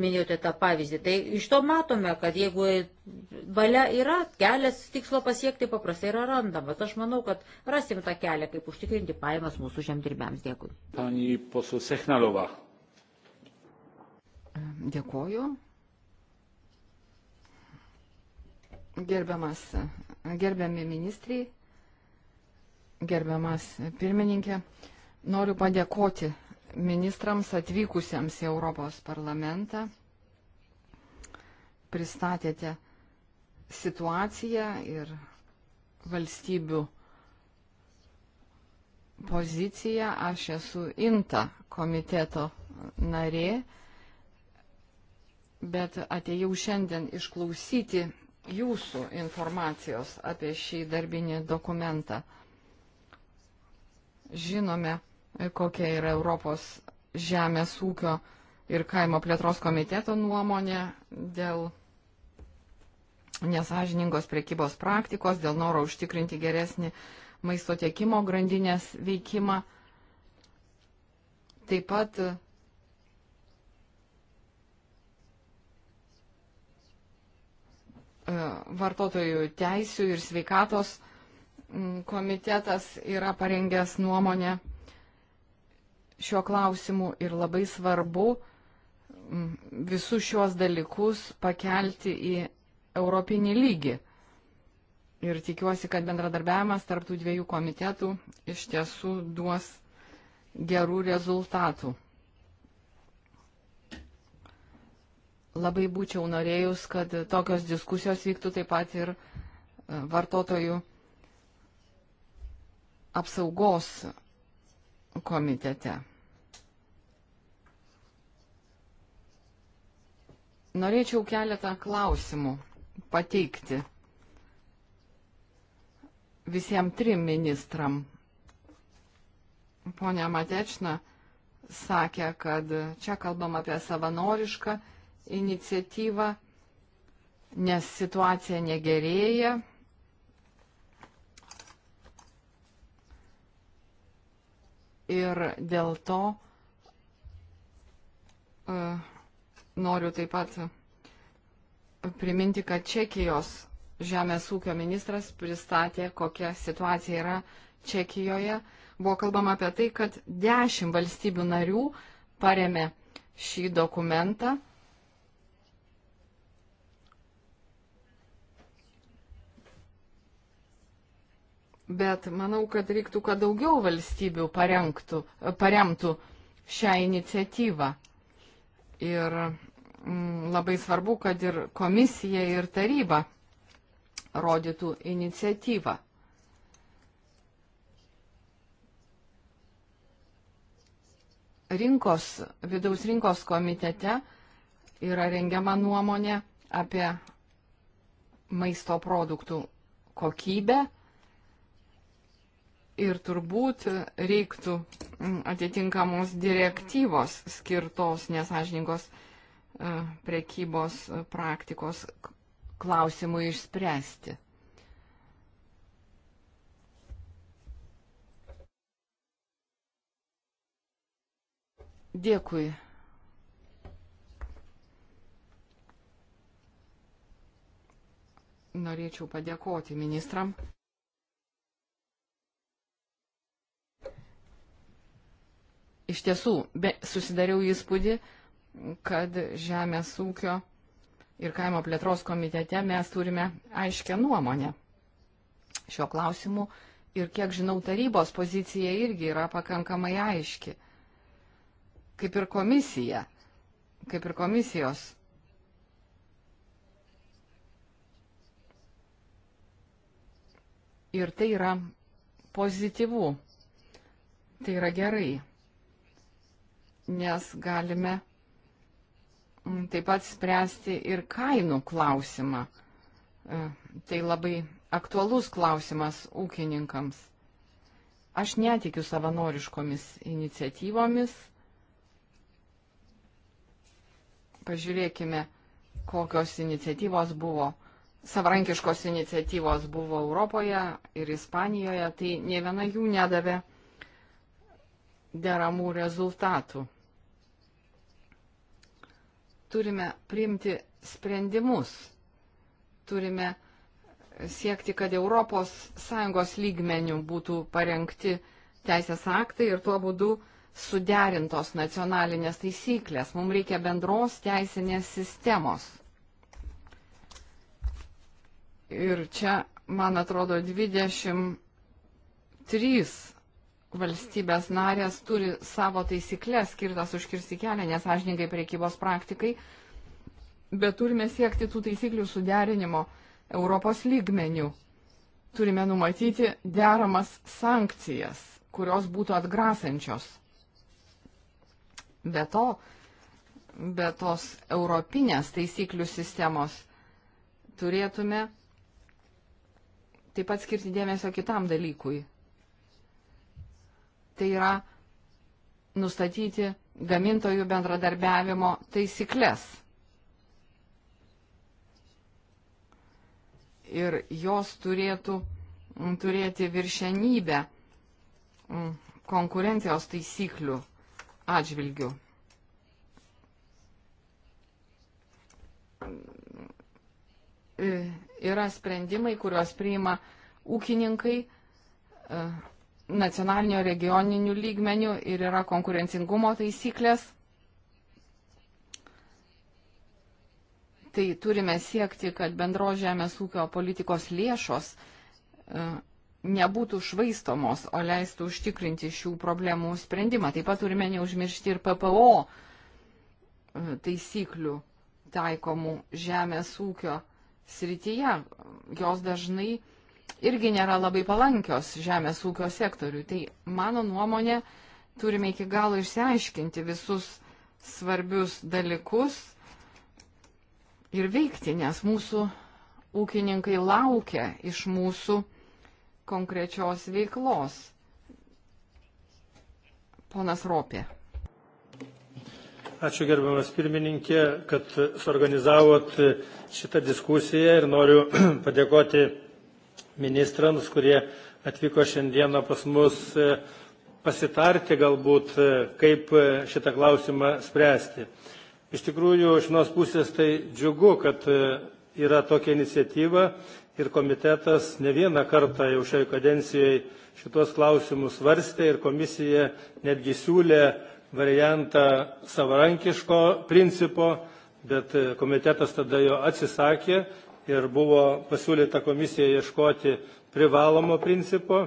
[SPEAKER 3] minėjote tą pavyzdį. Tai iš to matome, kad jeigu valia yra, kelias tikslo pasiekti paprastai yra randamas. Aš manau, kad rasim tą kelią, kaip užtikrinti pajamas mūsų žemdirbėms. Dėkui.
[SPEAKER 1] Pani posu
[SPEAKER 5] Sechnalova.
[SPEAKER 4] Dėkoju. Gerbiamas, gerbiami ministrai, gerbiamas pirmininkė, noriu padėkoti ministrams atvykusiems į Europos parlamentą. Pristatėte situaciją ir valstybių poziciją. Aš esu INTA komiteto narė, bet atėjau šiandien išklausyti jūsų informacijos apie šį darbinį dokumentą. Žinome, kokia yra Europos žemės ūkio ir kaimo plėtros komiteto nuomonė dėl nesažiningos prekybos praktikos, dėl noro užtikrinti geresnį maisto tiekimo grandinės veikimą. Taip pat e, vartotojų teisių ir sveikatos komitetas yra parengęs nuomonę šiuo klausimu ir labai svarbu visus šiuos dalykus pakelti į europinį lygį. Ir tikiuosi, kad bendradarbiavimas tarptų dviejų komitetų iš tiesų duos gerų rezultatų. Labai būčiau norėjus, kad tokios diskusijos vyktų taip pat ir e, vartotojų apsaugos komitete. Norėčiau keletą klausimų pateikti visiems trim ministram. Pone Matečna sakė, kad čia kalbam apie savanorišką iniciatyvą, nes situacija negerėja ir dėl to uh, noriu taip pat priminti, kad Čekijos žemės ūkio ministras pristatė, kokia situacija yra Čekijoje. Buvo kalbama apie tai, kad dešimt valstybių narių paremė šį dokumentą bet manau, kad reiktų, kad daugiau valstybių parengtų, paremtų šią iniciatyvą. Ir mm, labai svarbu, kad ir komisija, ir taryba rodytų iniciatyvą. Rinkos, vidaus rinkos komitete yra rengiama nuomonė apie maisto produktų kokybę ir turbūt reiktų mm, atitinkamos direktyvos skirtos nesažiningos e, prekybos e, praktikos klausimui išspręsti. Dėkui. Norėčiau padėkoti ministram. iš tiesų be, susidariau įspūdį, kad Žemės ūkio ir kaimo plėtros komitete mes turime aiškę nuomonę šio klausimu ir kiek žinau, tarybos pozicija irgi yra pakankamai aiški. Kaip ir komisija, kaip ir komisijos. Ir tai yra pozityvu, tai yra gerai nes galime mm, taip pat spręsti ir kainų klausimą. E, tai labai aktualus klausimas ūkininkams. Aš netikiu savanoriškomis iniciatyvomis. Pažiūrėkime, kokios iniciatyvos buvo, savrankiškos iniciatyvos buvo Europoje ir Ispanijoje, tai ne viena jų nedavė deramų rezultatų turime priimti sprendimus, turime siekti, kad ES lygmenių būtų parengti teisės aktai ir tuo būdu suderintos nacionalinės taisyklės. Mums reikia bendros teisinės sistemos. Ir čia, man atrodo, 23 valstybės narės turi savo taisyklės skirtas užkirsti kelią nesažininkai priekybos praktikai, bet turime siekti tų taisyklių suderinimo Europos lygmenių. Turime numatyti deramas sankcijas, kurios būtų atgrasančios. Be to, be tos europinės taisyklių sistemos turėtume taip pat skirti dėmesio kitam dalykui tai yra nustatyti gamintojų bendradarbiavimo taisyklės. Ir jos turėtų turėti viršenybę konkurencijos taisyklių atžvilgių. Yra sprendimai, kuriuos priima ūkininkai nacionalinio regioninių lygmenių ir yra konkurencingumo taisyklės. Tai turime siekti, kad bendro žemės ūkio politikos lėšos e, nebūtų švaistomos, o leistų užtikrinti šių problemų sprendimą. Taip pat turime neužmiršti ir PPO e, taisyklių taikomų žemės ūkio srityje. Jos dažnai uh, irgi nėra labai palankios žemės ūkio sektoriui. Tai mano nuomonė, turime iki galo išsiaiškinti visus svarbius dalykus ir veikti, nes mūsų ūkininkai laukia iš mūsų konkrečios veiklos. Ponas Ropė.
[SPEAKER 1] Ačiū gerbiamas pirmininkė, kad suorganizavot šitą diskusiją ir noriu padėkoti ministrams, kurie atvyko šiandieną pas mus e, pasitarti galbūt, e, kaip e, šitą klausimą spręsti. Iš tikrųjų, iš vienos pusės tai džiugu, kad yra tokia iniciatyva ir komitetas ne vieną kartą jau šioje kadencijoje šitos klausimus svarstė ir komisija netgi siūlė variantą savarankiško principo, bet komitetas tada jo atsisakė ir buvo pasiūlyta komisija ieškoti privalomo principo.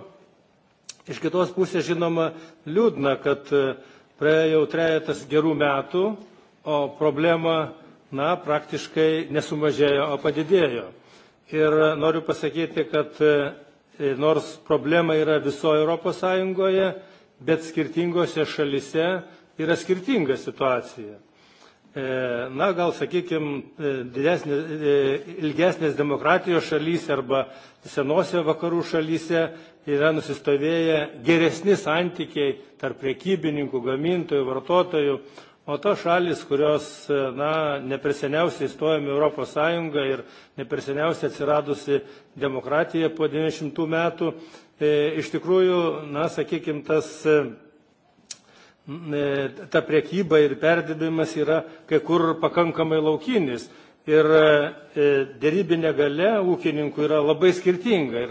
[SPEAKER 1] Iš kitos pusės, žinoma, liūdna, kad e, praėjo jau trejetas gerų metų, o problema, na, praktiškai nesumažėjo, o padidėjo. Ir noriu pasakyti, kad e, e, nors problema yra visoje Europos Sąjungoje, bet skirtingose šalise yra skirtinga situacija. E, na, gal, sakykime, didesnė, e, ilgesnės demokratijos šalyse arba senose vakarų šalyse yra nusistovėję geresni santykiai tarp priekybininkų, gamintojų, vartotojų, o tos šalis, kurios, e, na, neperseniausiai įstojame Europos Sąjungą ir neperseniausiai atsiradusi demokratija po 90 metų, e, iš tikrųjų, na, sakykime, tas e, ta priekyba ir perdirbimas yra kai kur pakankamai laukinis. Ir e, dėrybinė gale ūkininkų yra labai skirtinga ir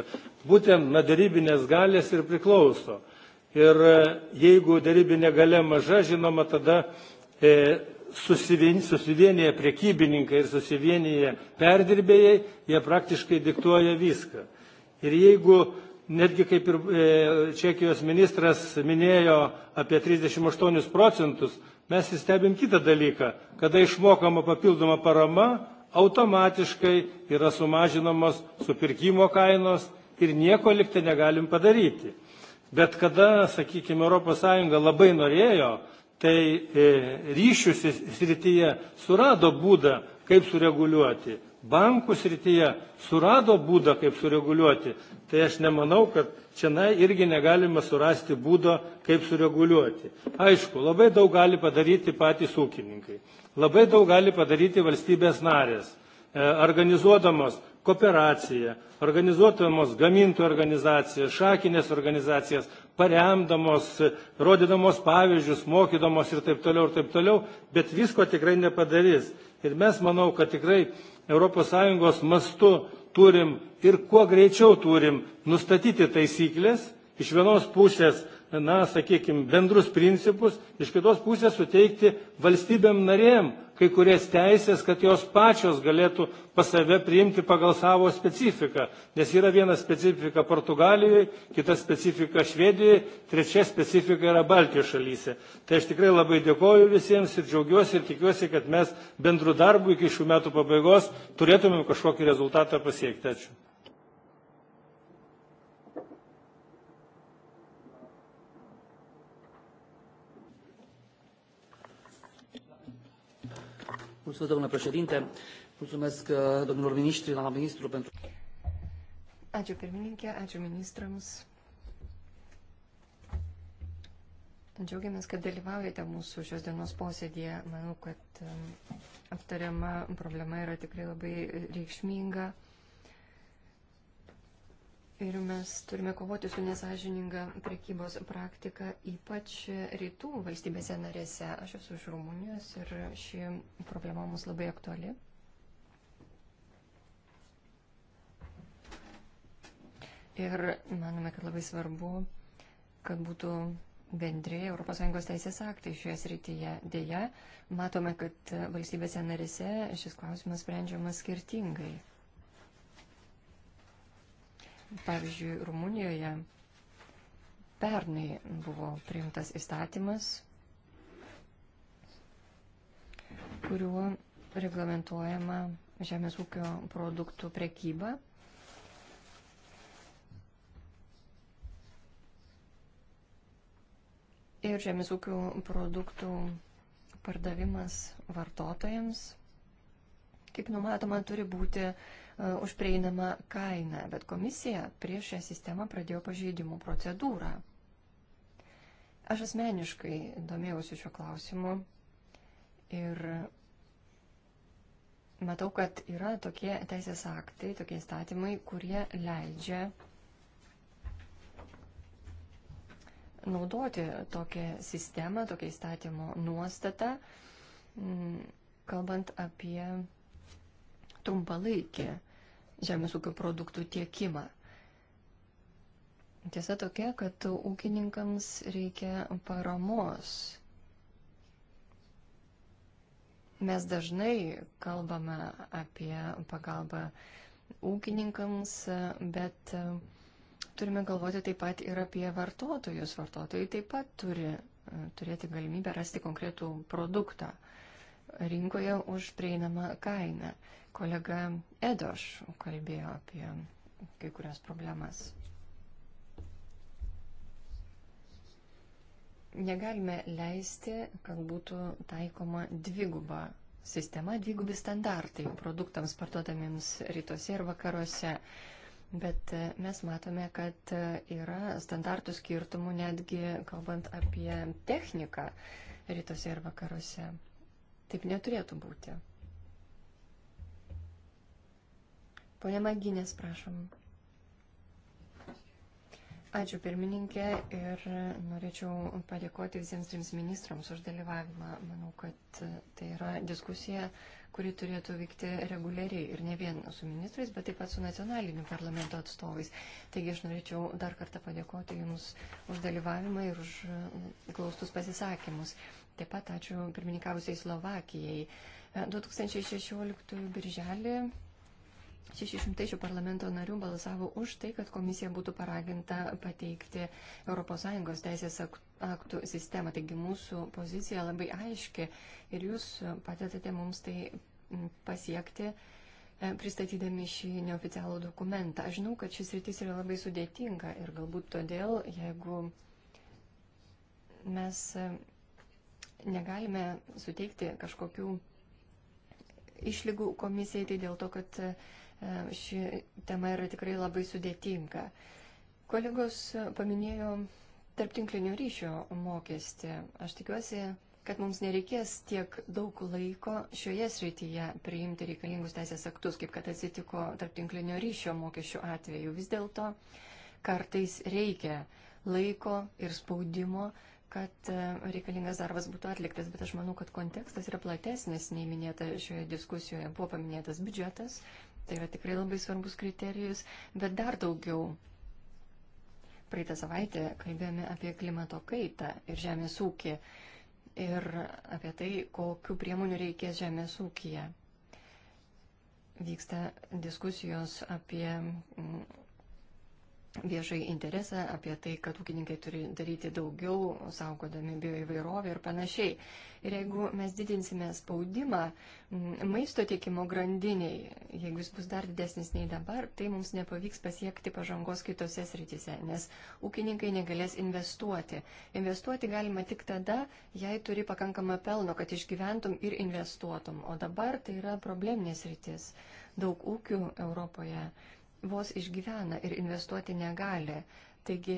[SPEAKER 1] būtent nuo dėrybinės galės ir priklauso. Ir e, jeigu dėrybinė gale maža, žinoma, tada e, susivienyje priekybininkai ir susivienyje perdirbėjai, jie praktiškai diktuoja viską. Ir jeigu netgi kaip ir e, Čekijos ministras minėjo apie 38 procentus, mes įstebim kitą dalyką, kada išmokama papildoma parama, automatiškai yra sumažinamos supirkimo kainos ir nieko likti negalim padaryti. Bet kada, sakykime, ES labai norėjo, tai e, ryšių srityje surado būdą, kaip sureguliuoti bankų srityje surado būdą, kaip sureguliuoti, tai aš nemanau, kad čia irgi negalime surasti būdo, kaip sureguliuoti. Aišku, labai daug gali padaryti patys ūkininkai, labai daug gali padaryti valstybės narės, e, organizuodamos kooperaciją, organizuodamos gamintojų organizacijas, šakinės organizacijas, paremdamos, rodydamos pavyzdžius, mokydamos ir taip toliau, ir taip toliau, bet visko tikrai nepadarys. Ir mes manau, kad tikrai ES mastu turim ir kuo greičiau turim nustatyti taisyklės iš vienos pusės na, sakykime, bendrus principus, iš kitos pusės suteikti valstybėm narėm kai kurias teisės, kad jos pačios galėtų pas save priimti pagal savo specifiką. Nes yra viena specifika Portugalijoje, kita specifika Švedijoje, trečia specifika yra Baltijos šalyse. Tai aš tikrai labai dėkoju visiems ir džiaugiuosi ir tikiuosi, kad mes bendru darbu iki šių metų pabaigos turėtumėm kažkokį rezultatą pasiekti. Ačiū.
[SPEAKER 5] Mulțumesc, domnule președinte. Mulțumesc, uh, domnilor ministri, la ministru pentru...
[SPEAKER 2] Ačiū pirmininkė, ačiū ministrams. Džiaugiamės, kad dalyvaujate mūsų šios dienos posėdėje. Manau, kad um, aptariama problema yra tikrai labai reikšminga. Ir mes turime kovoti su nesažininga prekybos praktika, ypač rytų valstybėse narėse. Aš esu iš Rumunijos ir ši problema mums labai aktuali. Ir manome, kad labai svarbu, kad būtų bendrėjai ES teisės aktai šioje srityje. Deja, matome, kad valstybėse narėse šis klausimas sprendžiamas skirtingai. Pavyzdžiui, Rumunijoje pernai buvo priimtas įstatymas, kuriuo reglamentuojama žemės ūkio produktų prekyba. Ir žemės ūkio produktų pardavimas vartotojams, kaip numatoma, turi būti uh, E, už prieinamą kainą, bet komisija prieš šią sistemą pradėjo pažeidimų procedūrą. Aš asmeniškai domėjausi šiuo klausimu ir matau, kad yra tokie teisės aktai, tokie įstatymai, kurie leidžia naudoti tokią sistemą, tokią įstatymo nuostatą, kalbant apie trumpalaikį žemės ūkio produktų tiekimą. Tiesa tokia, kad ūkininkams reikia paramos. Mes dažnai kalbame apie pagalbą ūkininkams, bet e, turime galvoti taip pat ir apie vartotojus. Vartotojai taip pat turi e, turėti galimybę rasti konkretų produktą rinkoje už prieinamą kainą. Kolega Edoš kalbėjo apie kai kurias problemas. Negalime leisti, kad būtų taikoma dviguba sistema, dvigubi standartai produktams parduodamiems rytuose ir vakaruose. Bet e, mes matome, kad e, yra standartų skirtumų netgi kalbant apie techniką rytuose ir vakaruose. Taip neturėtų būti. Pone Maginės, prašom. Ačiū pirmininkė ir norėčiau padėkoti visiems trims ministrams už dalyvavimą. Manau, kad tai yra diskusija, kuri turėtų vykti reguliariai ir ne vien su ministrais, bet taip pat su nacionaliniu parlamento atstovais. Taigi aš norėčiau dar kartą padėkoti Jums už dalyvavimą ir už glaustus pasisakymus. Taip pat ačiū pirmininkavusiai Slovakijai. 2016 e, birželį 600 šio parlamento narių balsavo už tai, kad komisija būtų paraginta pateikti ES teisės aktų sistemą. Taigi mūsų pozicija labai aiški ir jūs padedate mums tai pasiekti e, pristatydami šį neoficialų dokumentą. Aš žinau, kad šis rytis yra labai sudėtinga ir galbūt todėl, jeigu mes e, negalime suteikti kažkokių išlygų komisijai, tai dėl to, kad uh, E, ši tema yra tikrai labai sudėtinga. Kolegos paminėjo tarptinklinio ryšio mokestį. Aš tikiuosi, kad mums nereikės tiek daug laiko šioje srityje priimti reikalingus teisės aktus, kaip kad atsitiko tarptinklinio ryšio mokesčių atveju. Vis dėlto kartais reikia laiko ir spaudimo, kad e, reikalingas darbas būtų atliktas, bet aš manau, kad kontekstas yra platesnis nei minėta šioje diskusijoje. Buvo paminėtas biudžetas, Tai yra tikrai labai svarbus kriterijus, bet dar daugiau. Praeitą savaitę kalbėjome apie klimato kaitą ir žemės ūkį ir apie tai, kokiu priemonių reikės žemės ūkija. Vyksta diskusijos apie viešai interesą, apie tai, kad ūkininkai turi daryti daugiau, saugodami bioįvairovę ir panašiai. Ir jeigu mes didinsime spaudimą maisto tiekimo grandiniai, jeigu jis bus dar didesnis nei dabar, tai mums nepavyks pasiekti pažangos kitose srityse, nes ūkininkai negalės investuoti. Investuoti galima tik tada, jei turi pakankamą pelno, kad išgyventum ir investuotum. O dabar tai yra probleminės rytis. Daug ūkių Europoje vos išgyvena ir investuoti negali. Taigi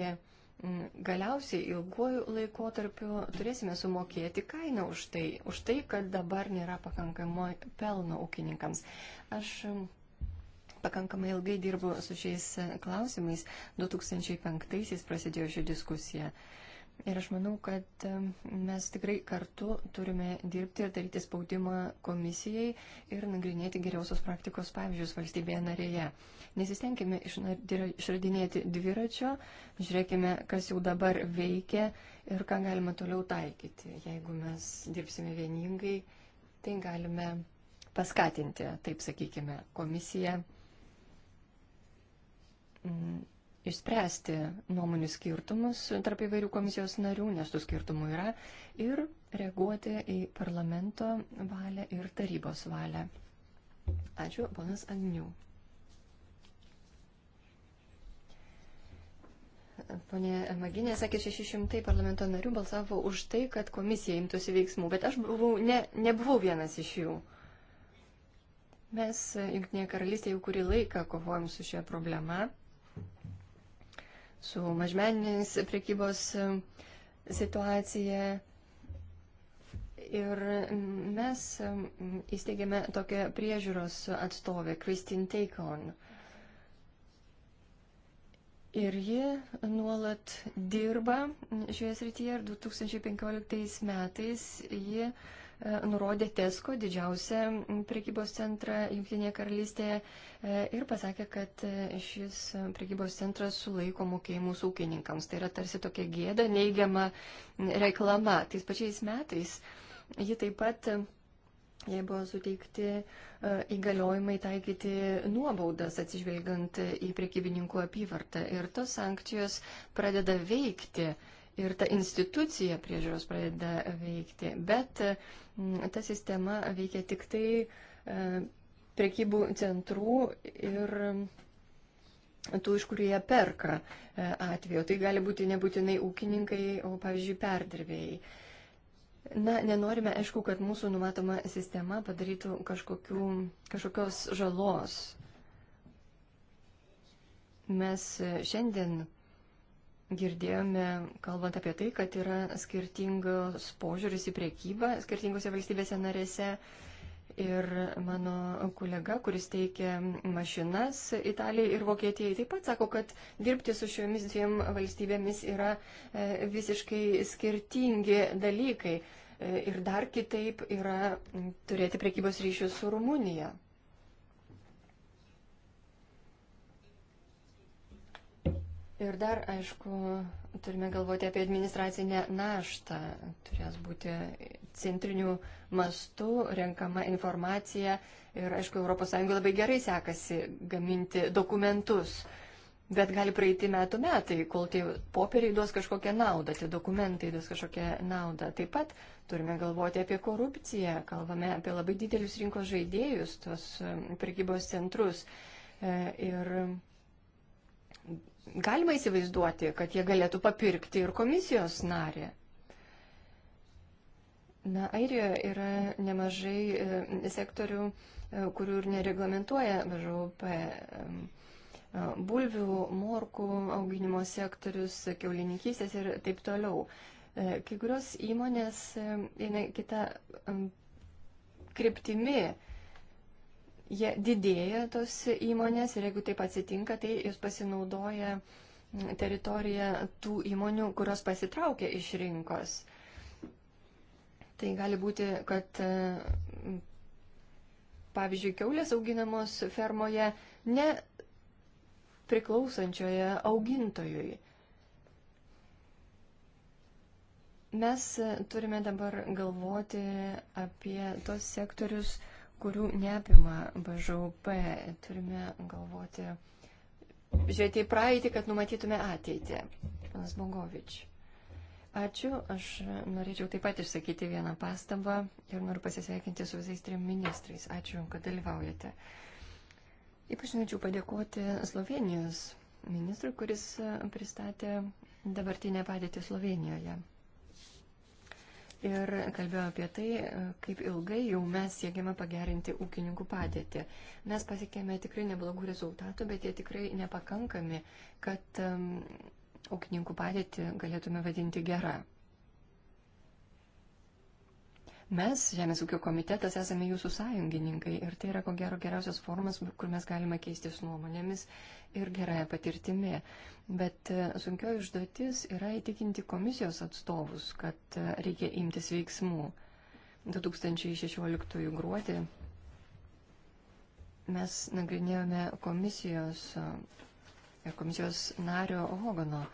[SPEAKER 2] galiausiai ilguoju laikotarpiu turėsime sumokėti kainą už tai, už tai, kad dabar nėra pakankamo pelno ūkininkams. Aš pakankamai ilgai dirbu su šiais klausimais. 2005-aisiais prasidėjo ši diskusija. Ir aš manau, kad mes tikrai kartu turime dirbti ir daryti spaudimą komisijai ir nagrinėti geriausios praktikos pavyzdžius valstybėje narėje. Nesistengime išradinėti dviračio, žiūrėkime, kas jau dabar veikia ir ką galime toliau taikyti. Jeigu mes dirbsime vieningai, tai galime paskatinti, taip sakykime, komisiją išspręsti nuomonių skirtumus tarp įvairių komisijos narių, nes tų skirtumų yra, ir reaguoti į parlamento valią ir tarybos valią. Ačiū, ponas Agnių. Pone Maginė sakė, 600 parlamento narių balsavo už tai, kad komisija imtųsi veiksmų, bet aš buvau, ne, nebuvau vienas iš jų. Mes Junktinėje karalystėje jau kurį laiką kovojam su šia problema su mažmeninės prekybos e, situacija. Ir mes e, įsteigėme tokią priežiūros atstovę, Kristin Teikon. Ir ji nuolat dirba šioje srityje ir 2015 metais ji uh, E, nurodė Tesko didžiausią prekybos centrą Junktinėje karalystėje e, ir pasakė, kad e, šis prekybos centras sulaiko mokėjimus ūkininkams. Tai yra tarsi tokia gėda, neigiama reklama. Tais pačiais metais ji taip pat jai buvo suteikti įgaliojimai taikyti nuobaudas atsižvelgiant į prekybininkų apyvartą. Ir tos sankcijos pradeda veikti ir ta institucija priežiūros pradeda veikti, bet mm, ta sistema veikia tik tai e, prekybų centrų ir mm, tų, iš kurių jie perka e, atveju. Tai gali būti nebūtinai ūkininkai, o pavyzdžiui, perdirbėjai. Na, nenorime, aišku, kad mūsų numatoma sistema padarytų kažkokių, kažkokios žalos. Mes e, šiandien girdėjome, kalbant apie tai, kad yra skirtingos požiūris į priekybą skirtingose valstybėse narėse. Ir mano kolega, kuris teikia mašinas Italijai ir Vokietijai, taip pat sako, kad dirbti su šiomis dviem valstybėmis yra e, visiškai skirtingi dalykai. E, ir dar kitaip yra turėti priekybos ryšius su Rumunija. Ir dar, aišku, turime galvoti apie administracinę naštą. Turės būti centrinių mastų renkama informacija. Ir, aišku, ES labai gerai sekasi gaminti dokumentus. Bet gali praeiti metų metai, kol tie popieriai duos kažkokią naudą, tie dokumentai duos kažkokią naudą. Taip pat turime galvoti apie korupciją, kalbame apie labai didelius rinkos žaidėjus, tuos e, prekybos centrus. E, ir galima įsivaizduoti, kad jie galėtų papirkti ir komisijos narį. Na, Airijoje yra nemažai e, sektorių, e, kurių ir nereglamentuoja BŽUP. E, bulvių, morkų auginimo sektorius, keulininkystės ir taip toliau. Kai kurios įmonės eina kita kryptimi jie didėja tos įmonės ir jeigu taip atsitinka, tai jūs pasinaudoja mm, teritorija tų įmonių, kurios pasitraukia iš rinkos. Tai gali būti, kad mm, pavyzdžiui, keulės auginamos fermoje ne priklausančioje augintojui. Mes turime dabar galvoti apie tos sektorius, kurių neapima BŽUP. Turime galvoti, žiūrėti į praeitį, kad numatytume ateitį. Panas Bogovič. Ačiū. Aš norėčiau taip pat išsakyti vieną pastabą ir noriu pasisveikinti su visais trim ministrais. Ačiū, kad dalyvaujate. Ypač norėčiau padėkoti Slovenijos ministrui, kuris pristatė dabartinę padėtį Slovenijoje ir kalbėjo apie tai, kaip ilgai jau mes siekiame pagerinti ūkininkų padėtį. Mes pasiekėme tikrai neblogų rezultatų, bet jie tikrai nepakankami, kad um, ūkininkų padėtį galėtume vadinti gerą. Mes, Žemės ūkio komitetas, esame jūsų sąjungininkai ir tai yra ko gero geriausias formas, kur mes galime keistis nuomonėmis ir gerąją patirtimį. Bet e, sunkioji užduotis yra įtikinti komisijos atstovus, kad e, reikia imtis veiksmų. 2016 gruodį mes nagrinėjome komisijos ir e, komisijos nario Hogano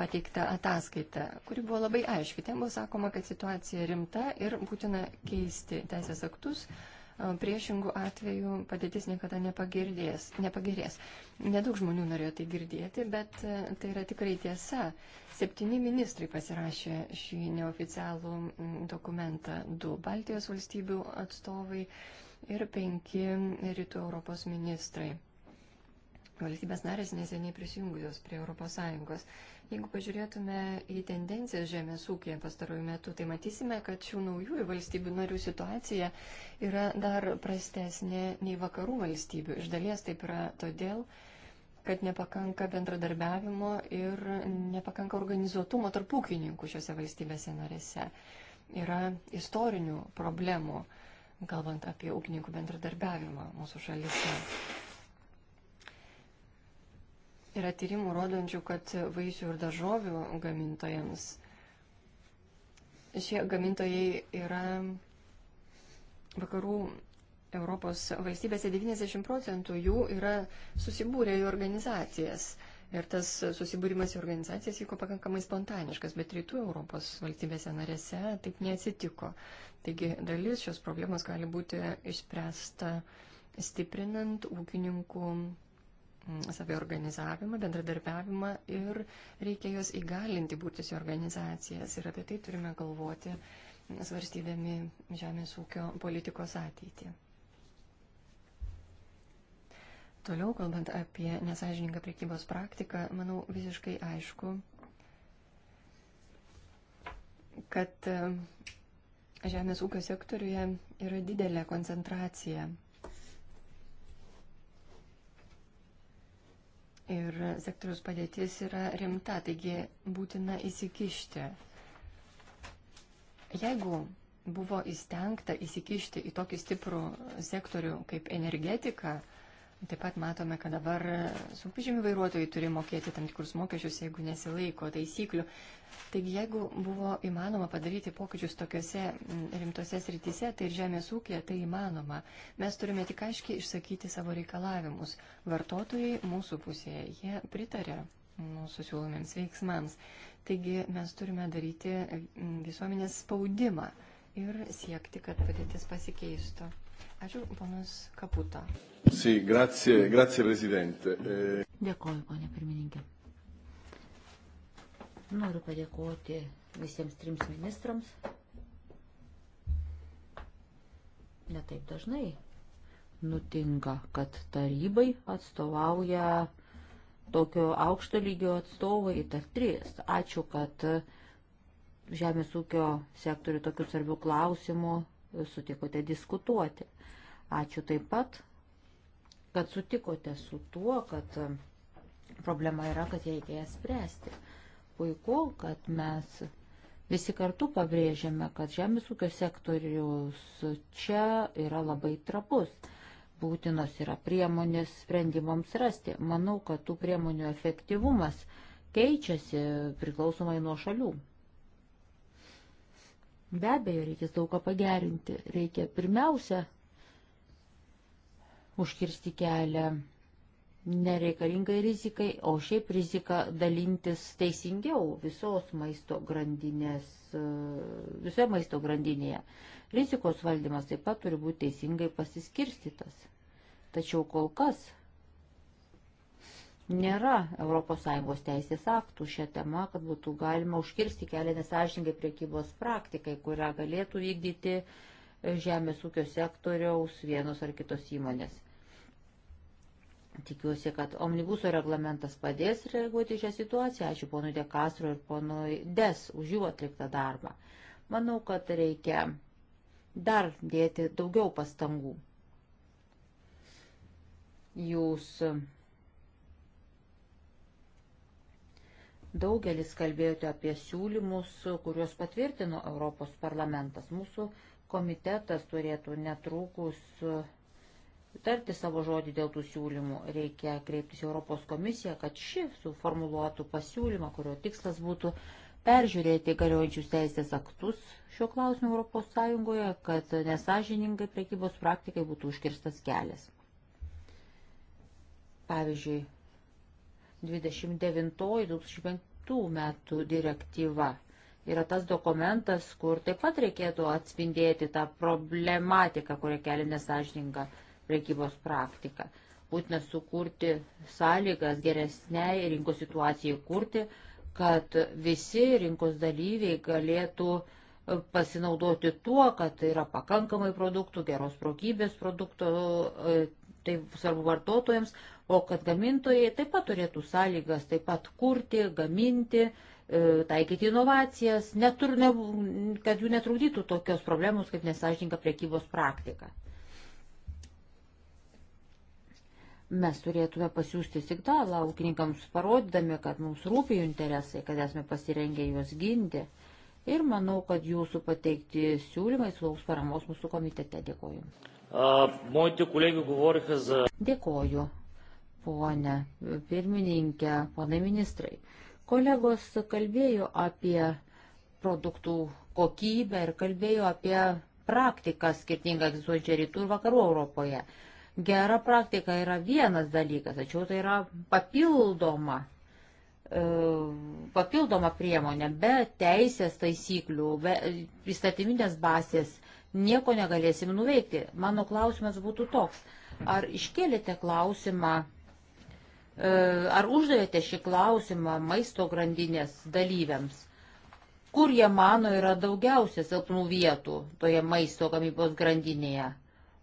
[SPEAKER 2] pateiktą ataskaitą, kuri buvo labai aiški. Ten buvo sakoma, kad situacija rimta ir būtina keisti teisės aktus, E, priešingų atvejų padėtis niekada nepagerės. Nedaug žmonių norėjo tai girdėti, bet e, tai yra tikrai tiesa. Septyni ministrai pasirašė šį neoficialų dokumentą. Du Baltijos valstybių atstovai ir penki Rytų Europos ministrai valstybės narės neseniai prisijungusios prie ES. Jeigu pažiūrėtume į tendencijas žemės ūkėje pastarojų metų, tai matysime, kad šių naujųjų valstybių narių situacija yra dar prastesnė nei vakarų valstybių. Iš dalies taip yra todėl, kad nepakanka bendradarbiavimo ir nepakanka organizuotumo tarp ūkininkų šiuose valstybėse narėse. Yra istorinių problemų, kalbant apie ūkininkų bendradarbiavimą mūsų šalyse. Yra tyrimų rodančių, kad vaisių ir daržovių gamintojams šie gamintojai yra vakarų Europos valstybėse 90 procentų jų yra susibūrę į organizacijas. Ir tas susibūrimas į organizacijas vyko pakankamai spontaniškas, bet rytų Europos valstybėse narėse taip neatsitiko. Taigi dalis šios problemos gali būti išspręsta stiprinant ūkininkų Mm, saviorganizavimą, bendradarbiavimą ir reikia juos įgalinti būtis į organizacijas. Ir apie tai turime galvoti, mm, svarstydami žemės ūkio politikos ateitį. Toliau, kalbant apie nesažininką priekybos praktiką, manau visiškai aišku, kad e, žemės ūkio sektoriuje yra didelė koncentracija ir sektoriaus padėtis yra rimta, taigi būtina įsikišti. Jeigu buvo įstengta įsikišti į tokį stiprų sektorių kaip energetika, Taip pat matome, kad dabar sunkvežimių vairuotojai turi mokėti tam tikrus mokesčius, jeigu nesilaiko taisyklių. Taigi, jeigu buvo įmanoma padaryti pokyčius tokiuose rimtose srityse, tai ir žemės ūkė tai įmanoma. Mes turime tik aiškiai išsakyti savo reikalavimus. Vartotojai mūsų pusėje, jie pritarė mūsų siūlomiems veiksmams. Taigi, mes turime daryti visuomenės spaudimą ir siekti, kad padėtis pasikeistų. Ačiū, ponas Kaputa.
[SPEAKER 1] Sì, grazie, grazie Presidente. E...
[SPEAKER 2] Dėkoju,
[SPEAKER 3] ponė pirmininkė. Noriu padėkoti visiems trims ministrams. Netaip dažnai nutinka, kad tarybai atstovauja tokio aukšto lygio atstovai, tar trys. Ačiū, kad žemės ūkio sektorių tokių svarbių klausimų sutikote diskutuoti. Ačiū taip pat, kad sutikote su tuo, kad e, problema yra, kad reikia ją spręsti. Puiku, kad mes visi kartu pabrėžiame, kad žemės ūkio sektorius čia yra labai trapus. Būtinos yra priemonės sprendimams rasti. Manau, kad tų priemonių efektyvumas keičiasi priklausomai nuo šalių. Be abejo, reikės daug ką pagerinti. Reikia pirmiausia užkirsti kelią nereikalingai rizikai, o šiaip rizika dalintis teisingiau visos maisto grandinės, e, visoje maisto grandinėje. Rizikos valdymas taip pat turi būti teisingai pasiskirstytas. Tačiau kol kas nėra ES teisės aktų šią temą, kad būtų galima užkirsti kelią nesažininkai priekybos praktikai, kurią galėtų vykdyti e, žemės ūkio sektoriaus vienos ar kitos įmonės. Tikiuosi, kad omnibuso reglamentas padės reaguoti šią situaciją. Ačiū ponui De Castro ir ponui Des už jų atliktą darbą. Manau, kad reikia dar dėti daugiau pastangų. Jūs Daugelis kalbėjote apie siūlymus, kuriuos patvirtino Europos parlamentas. Mūsų komitetas turėtų netrukus uh, tarti savo žodį dėl tų siūlymų. Reikia kreiptis Europos komisiją, kad ši suformuluotų pasiūlymą, kurio tikslas būtų peržiūrėti galiojančius teisės aktus šiuo klausimu Europos Sąjungoje, kad nesažiningai prekybos praktikai būtų užkirstas kelias. Pavyzdžiui, 29-2005 2009 metų direktyva yra tas dokumentas, kur taip pat reikėtų atspindėti tą problematiką, kurią kelia nesažininga prekybos praktika. Būtina sukurti sąlygas geresniai rinkos situacijai kurti, kad visi rinkos dalyviai galėtų e, pasinaudoti tuo, kad yra pakankamai produktų, geros prokybės produktų e, tai svarbu vartotojams, o kad gamintojai taip pat turėtų sąlygas taip pat kurti, gaminti, e, taikyti inovacijas, netur, ne, kad jų netrukdytų tokios problemos kaip nesažininka priekybos praktika. Mes turėtume pasiūsti signalą ūkininkams, parodydami, kad mums rūpi jų interesai, kad esame pasirengę juos ginti. Ir manau, kad jūsų pateikti siūlymai sulauks paramos mūsų komitete. Dėkuoju.
[SPEAKER 5] Moiti kolegų govoriha za.
[SPEAKER 3] Dėkoju, ponė pirmininkė, ponai ministrai. Kolegos kalbėjo apie produktų kokybę ir kalbėjo apie praktiką skirtingą egzistuojančią rytų ir vakarų Europoje. Gera praktika yra vienas dalykas, tačiau tai yra papildoma, e, papildoma priemonė be teisės taisyklių, be įstatyminės bazės nieko negalėsim nuveikti. Mano klausimas būtų toks. Ar iškėlėte klausimą, e, ar uždavėte šį klausimą maisto grandinės dalyviams? Kur jie mano yra daugiausia silpnų vietų toje maisto gamybos grandinėje?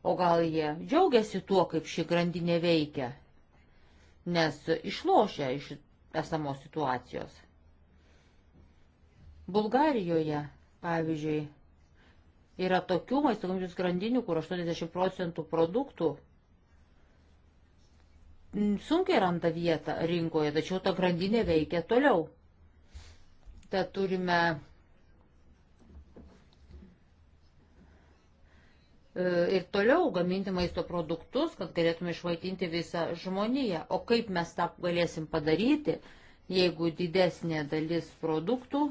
[SPEAKER 3] O gal jie džiaugiasi tuo, kaip ši grandinė veikia, nes išlošia iš esamos situacijos. Bulgarijoje, pavyzdžiui, Yra tokių maisto gamybos grandinių, kur 80 procentų produktų sunkiai randa vietą rinkoje, tačiau ta grandinė veikia toliau. Tad turime e, ir toliau gaminti maisto produktus, kad galėtume išvaitinti visą žmoniją. O kaip mes tą galėsim padaryti, jeigu didesnė dalis produktų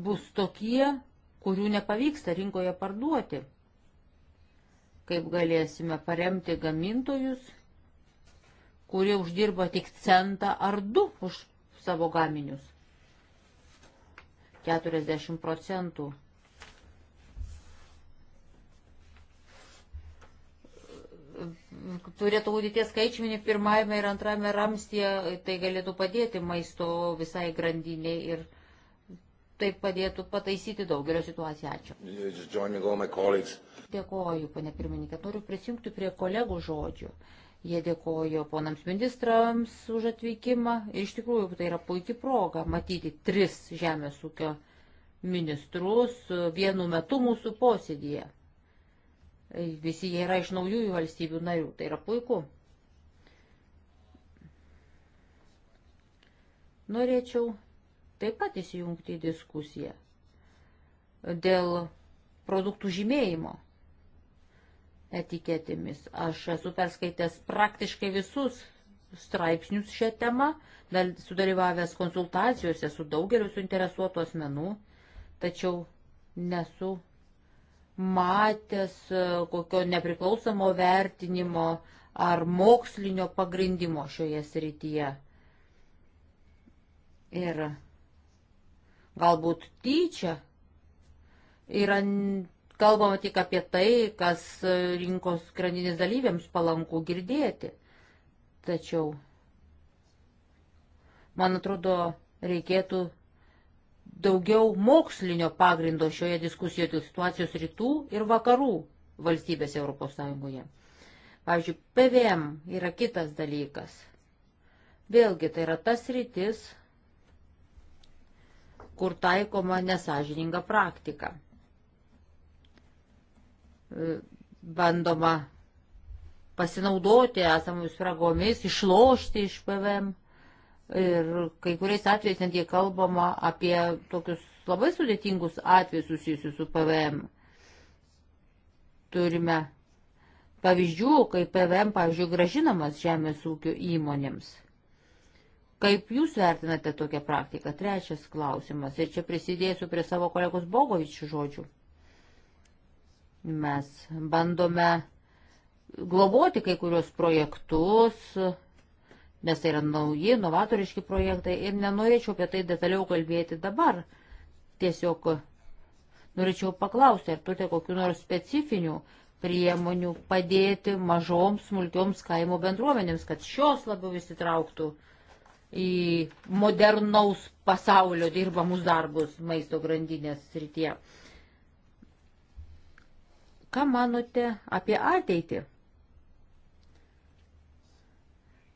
[SPEAKER 3] bus tokie, kurių nepavyksta rinkoje parduoti. Kaip galėsime paremti gamintojus, kurie uždirba tik centą ar du už savo gaminius. 40 procentų turėtų būti tie skaičiai pirmajame ir antrame ramstyje, tai galėtų padėti maisto visai grandiniai ir tai padėtų pataisyti daugelio situaciją.
[SPEAKER 1] Ačiū.
[SPEAKER 3] Dėkoju, ponė pirmininkė. Noriu prisijungti prie kolegų žodžių. Jie dėkojo ponams ministrams už atvykimą ir iš tikrųjų tai yra puikia proga matyti tris žemės ūkio ministrus vienu metu mūsų posėdėje. Visi jie yra iš naujųjų valstybių narių, tai yra puiku. Norėčiau taip pat įsijungti į diskusiją dėl produktų žymėjimo etiketėmis. Aš esu perskaitęs praktiškai visus straipsnius šią temą, sudalyvavęs konsultacijose su daugeliu suinteresuotų asmenų, tačiau nesu matęs e, kokio nepriklausomo vertinimo ar mokslinio pagrindimo šioje srityje. Ir Galbūt tyčia yra kalbama tik apie tai, kas e, rinkos grandinės dalyviams palanku girdėti. Tačiau, man atrodo, reikėtų daugiau mokslinio pagrindo šioje diskusijoje dėl situacijos rytų ir vakarų valstybėse Europos Sąjungoje. Pavyzdžiui, PVM yra kitas dalykas. Vėlgi, tai yra tas rytis, kur taikoma nesažininga praktika. E, bandoma pasinaudoti esamomis spragomis, išlošti iš PVM. Ir kai kuriais atvejais netgi kalbama apie tokius labai sudėtingus atvejus susijusius su PVM. Turime pavyzdžių, kai PVM, pavyzdžiui, gražinamas žemės ūkio įmonėms. Kaip jūs vertinate tokią praktiką? Trečias klausimas. Ir čia prisidėsiu prie savo kolegos Bogovičių žodžių. Mes bandome globoti kai kurios projektus, nes tai yra nauji, novatoriški projektai ir nenorėčiau apie tai detaliau kalbėti dabar. Tiesiog norėčiau paklausti, ar turite kokiu nors specifiniu priemonių padėti mažoms, smulkioms kaimo bendruomenėms, kad šios labiau įsitrauktų į modernaus pasaulio dirbamus darbus maisto grandinės srityje. Ką manote apie ateitį?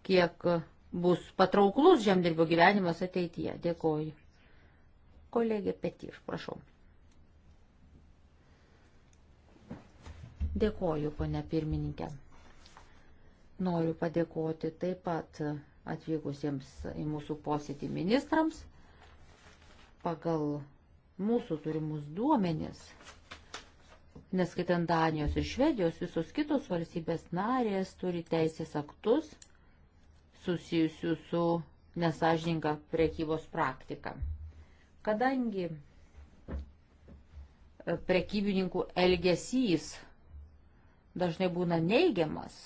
[SPEAKER 3] Kiek bus patrauklus žemdirbio gyvenimas ateityje? Dėkoju. Kolegė Petir, prašau. Dėkoju, ponia pirmininkė. Noriu padėkoti taip pat atvykusiems į mūsų posėdį ministrams. Pagal mūsų turimus duomenis, neskaitant Danijos ir Švedijos, visos kitos valstybės narės turi teisės aktus susijusių su nesažininga prekybos praktika. Kadangi e, prekybininkų elgesys dažnai būna neigiamas,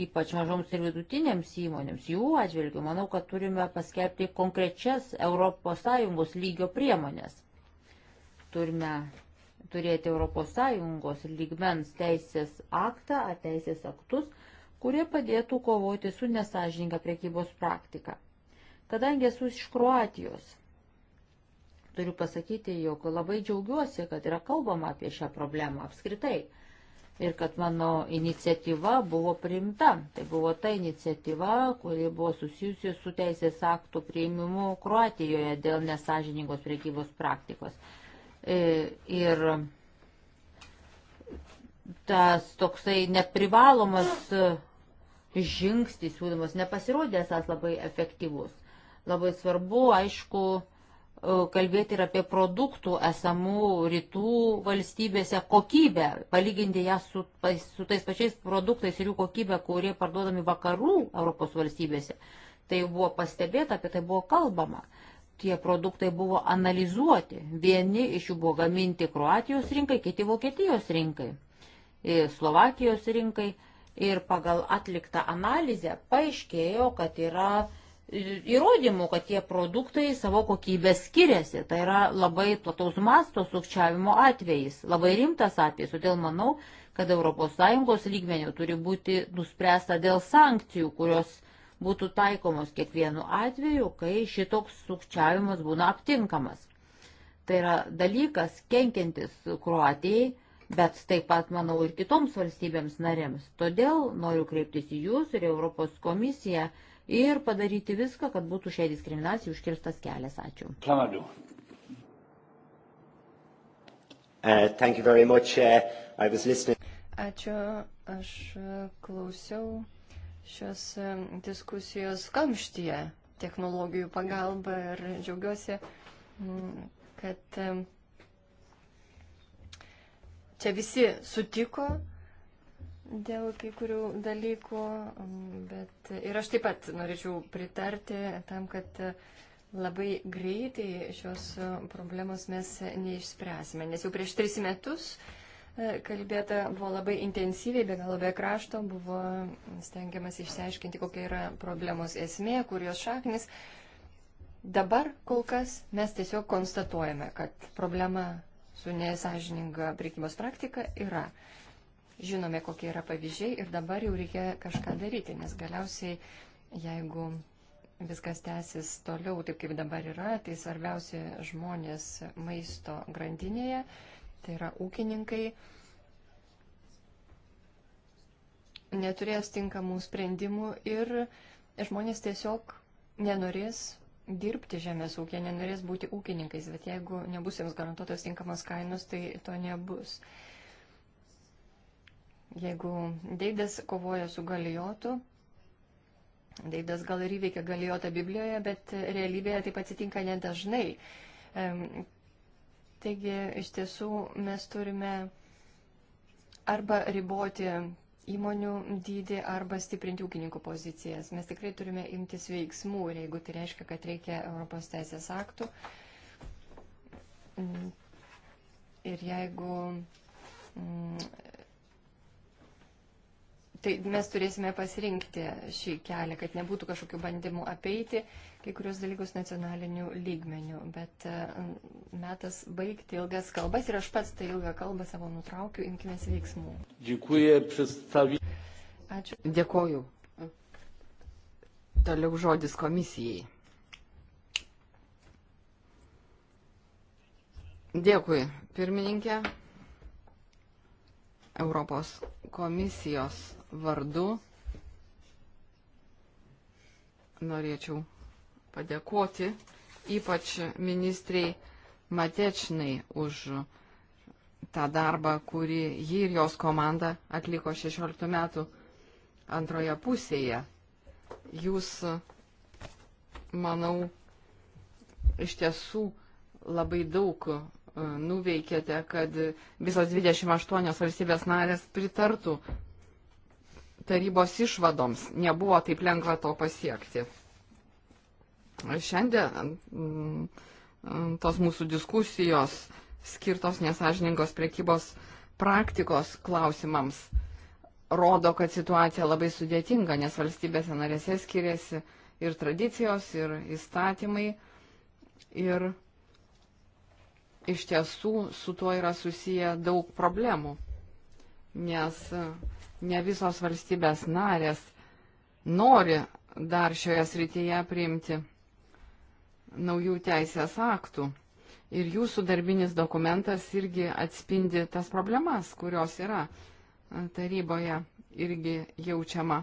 [SPEAKER 3] ypač mažoms ir vidutinėms įmonėms, jų atžvilgių, manau, kad turime paskelbti konkrečias ES lygio priemonės. Turime turėti ES lygmens teisės aktą, teisės aktus, kurie padėtų kovoti su nesažininga priekybos praktika. Kadangi esu iš Kroatijos, turiu pasakyti, jog labai džiaugiuosi, kad yra kalbama apie šią problemą apskritai ir kad mano iniciatyva buvo priimta. Tai buvo ta iniciatyva, kuri buvo susijusi su teisės aktų priimimu Kroatijoje dėl nesažiningos priekybos praktikos. E, ir tas toksai neprivalomas žingsnis siūlymas nepasirodė esas labai efektyvus. Labai svarbu, aišku, E, kalbėti ir apie produktų esamų rytų valstybėse kokybę, palyginti ją su, su tais pačiais produktais ir jų kokybę, kurie parduodami vakarų Europos valstybėse. Tai buvo pastebėta, apie tai buvo kalbama. Tie produktai buvo analizuoti. Vieni iš jų buvo gaminti Kroatijos rinkai, kiti Vokietijos rinkai, e, Slovakijos rinkai. Ir pagal atliktą analizę paaiškėjo, kad yra uh, įrodymų, kad tie produktai savo kokybę skiriasi. Tai yra labai plataus masto sukčiavimo atvejais, labai rimtas atvejis. Todėl manau, kad ES lygmenių turi būti nuspręsta dėl sankcijų, kurios būtų taikomos kiekvienu atveju, kai šitoks sukčiavimas būna aptinkamas. Tai yra dalykas kenkiantis Kroatijai, bet taip pat, manau, ir kitoms valstybėms narėms. Todėl noriu kreiptis į Jūs ir Europos komisiją ir padaryti viską, kad būtų šiai diskriminacijai užkirstas kelias. Ačiū.
[SPEAKER 1] Klamadu.
[SPEAKER 5] Uh, much, uh,
[SPEAKER 2] Ačiū, aš klausiau šios um, diskusijos kamštyje technologijų pagalba ir džiaugiuosi, mm, kad um, čia visi sutiko dėl kai kurių dalykų, bet ir aš taip pat norėčiau pritarti tam, kad labai greitai šios problemos mes neišspręsime, nes jau prieš tris metus e, kalbėta buvo labai intensyviai, be galo be krašto, buvo stengiamas išsiaiškinti, kokia yra problemos esmė, kur jos šaknis. Dabar kol kas mes tiesiog konstatuojame, kad problema su nesažininga prekybos praktika yra. Uh, Žinome, kokie yra pavyzdžiai ir dabar jau reikia kažką daryti, nes galiausiai, jeigu viskas tęsis toliau, taip kaip dabar yra, tai svarbiausi žmonės maisto grandinėje, tai yra ūkininkai, neturės tinkamų sprendimų ir žmonės tiesiog nenorės dirbti žemės ūkė, nenorės būti ūkininkais, bet jeigu nebus jiems garantuotos tinkamos kainos, tai to nebus. Uh, Jeigu Deidas kovoja su Galijotu, Deidas gal ir įveikia Galijotą Biblijoje, bet realybėje taip atsitinka nedažnai. Taigi iš tiesų mes turime arba riboti įmonių dydį, arba stiprinti ūkininkų pozicijas. Mes tikrai turime imtis veiksmų ir jeigu tai reiškia, kad reikia Europos teisės aktų, mm, ir jeigu mm, tai mes turėsime pasirinkti šį kelią, kad nebūtų kažkokių bandymų apeiti kai kurios dalykus nacionalinių lygmenių. Bet e, metas baigti ilgas kalbas ir aš pats tą ilgą kalbą savo nutraukiu, imkimės veiksmų.
[SPEAKER 4] Ačiū. Dėkoju. Toliau žodis komisijai. Dėkui, pirmininkė. Europos komisijos vardu norėčiau padėkoti ypač ministrei Matečnai už tą darbą, kurį ji ir jos komanda atliko 16 metų antroje pusėje. Jūs, manau, iš tiesų labai daug e, nuveikėte, kad visos 28 valstybės narės pritartų tarybos išvadoms. Nebuvo taip lengva to pasiekti. Šiandien mm, mm, tos mūsų diskusijos skirtos nesažiningos prekybos praktikos klausimams rodo, kad situacija labai sudėtinga, nes valstybėse narėse skiriasi ir tradicijos, ir įstatymai. Ir iš tiesų su tuo yra susiję daug problemų, nes ne visos valstybės narės nori dar šioje srityje priimti naujų teisės aktų. Ir jūsų darbinis dokumentas irgi atspindi tas problemas, kurios yra taryboje irgi jaučiama,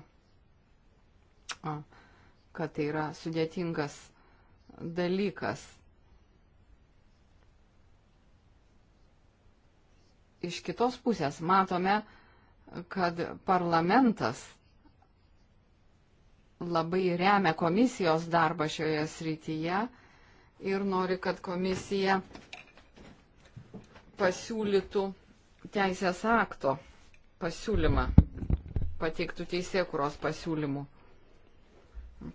[SPEAKER 4] kad tai yra sudėtingas dalykas. Iš kitos pusės matome, kad parlamentas labai remia komisijos darbą šioje srityje ir nori, kad komisija pasiūlytų teisės akto pasiūlymą, pateiktų teisėkuros pasiūlymų,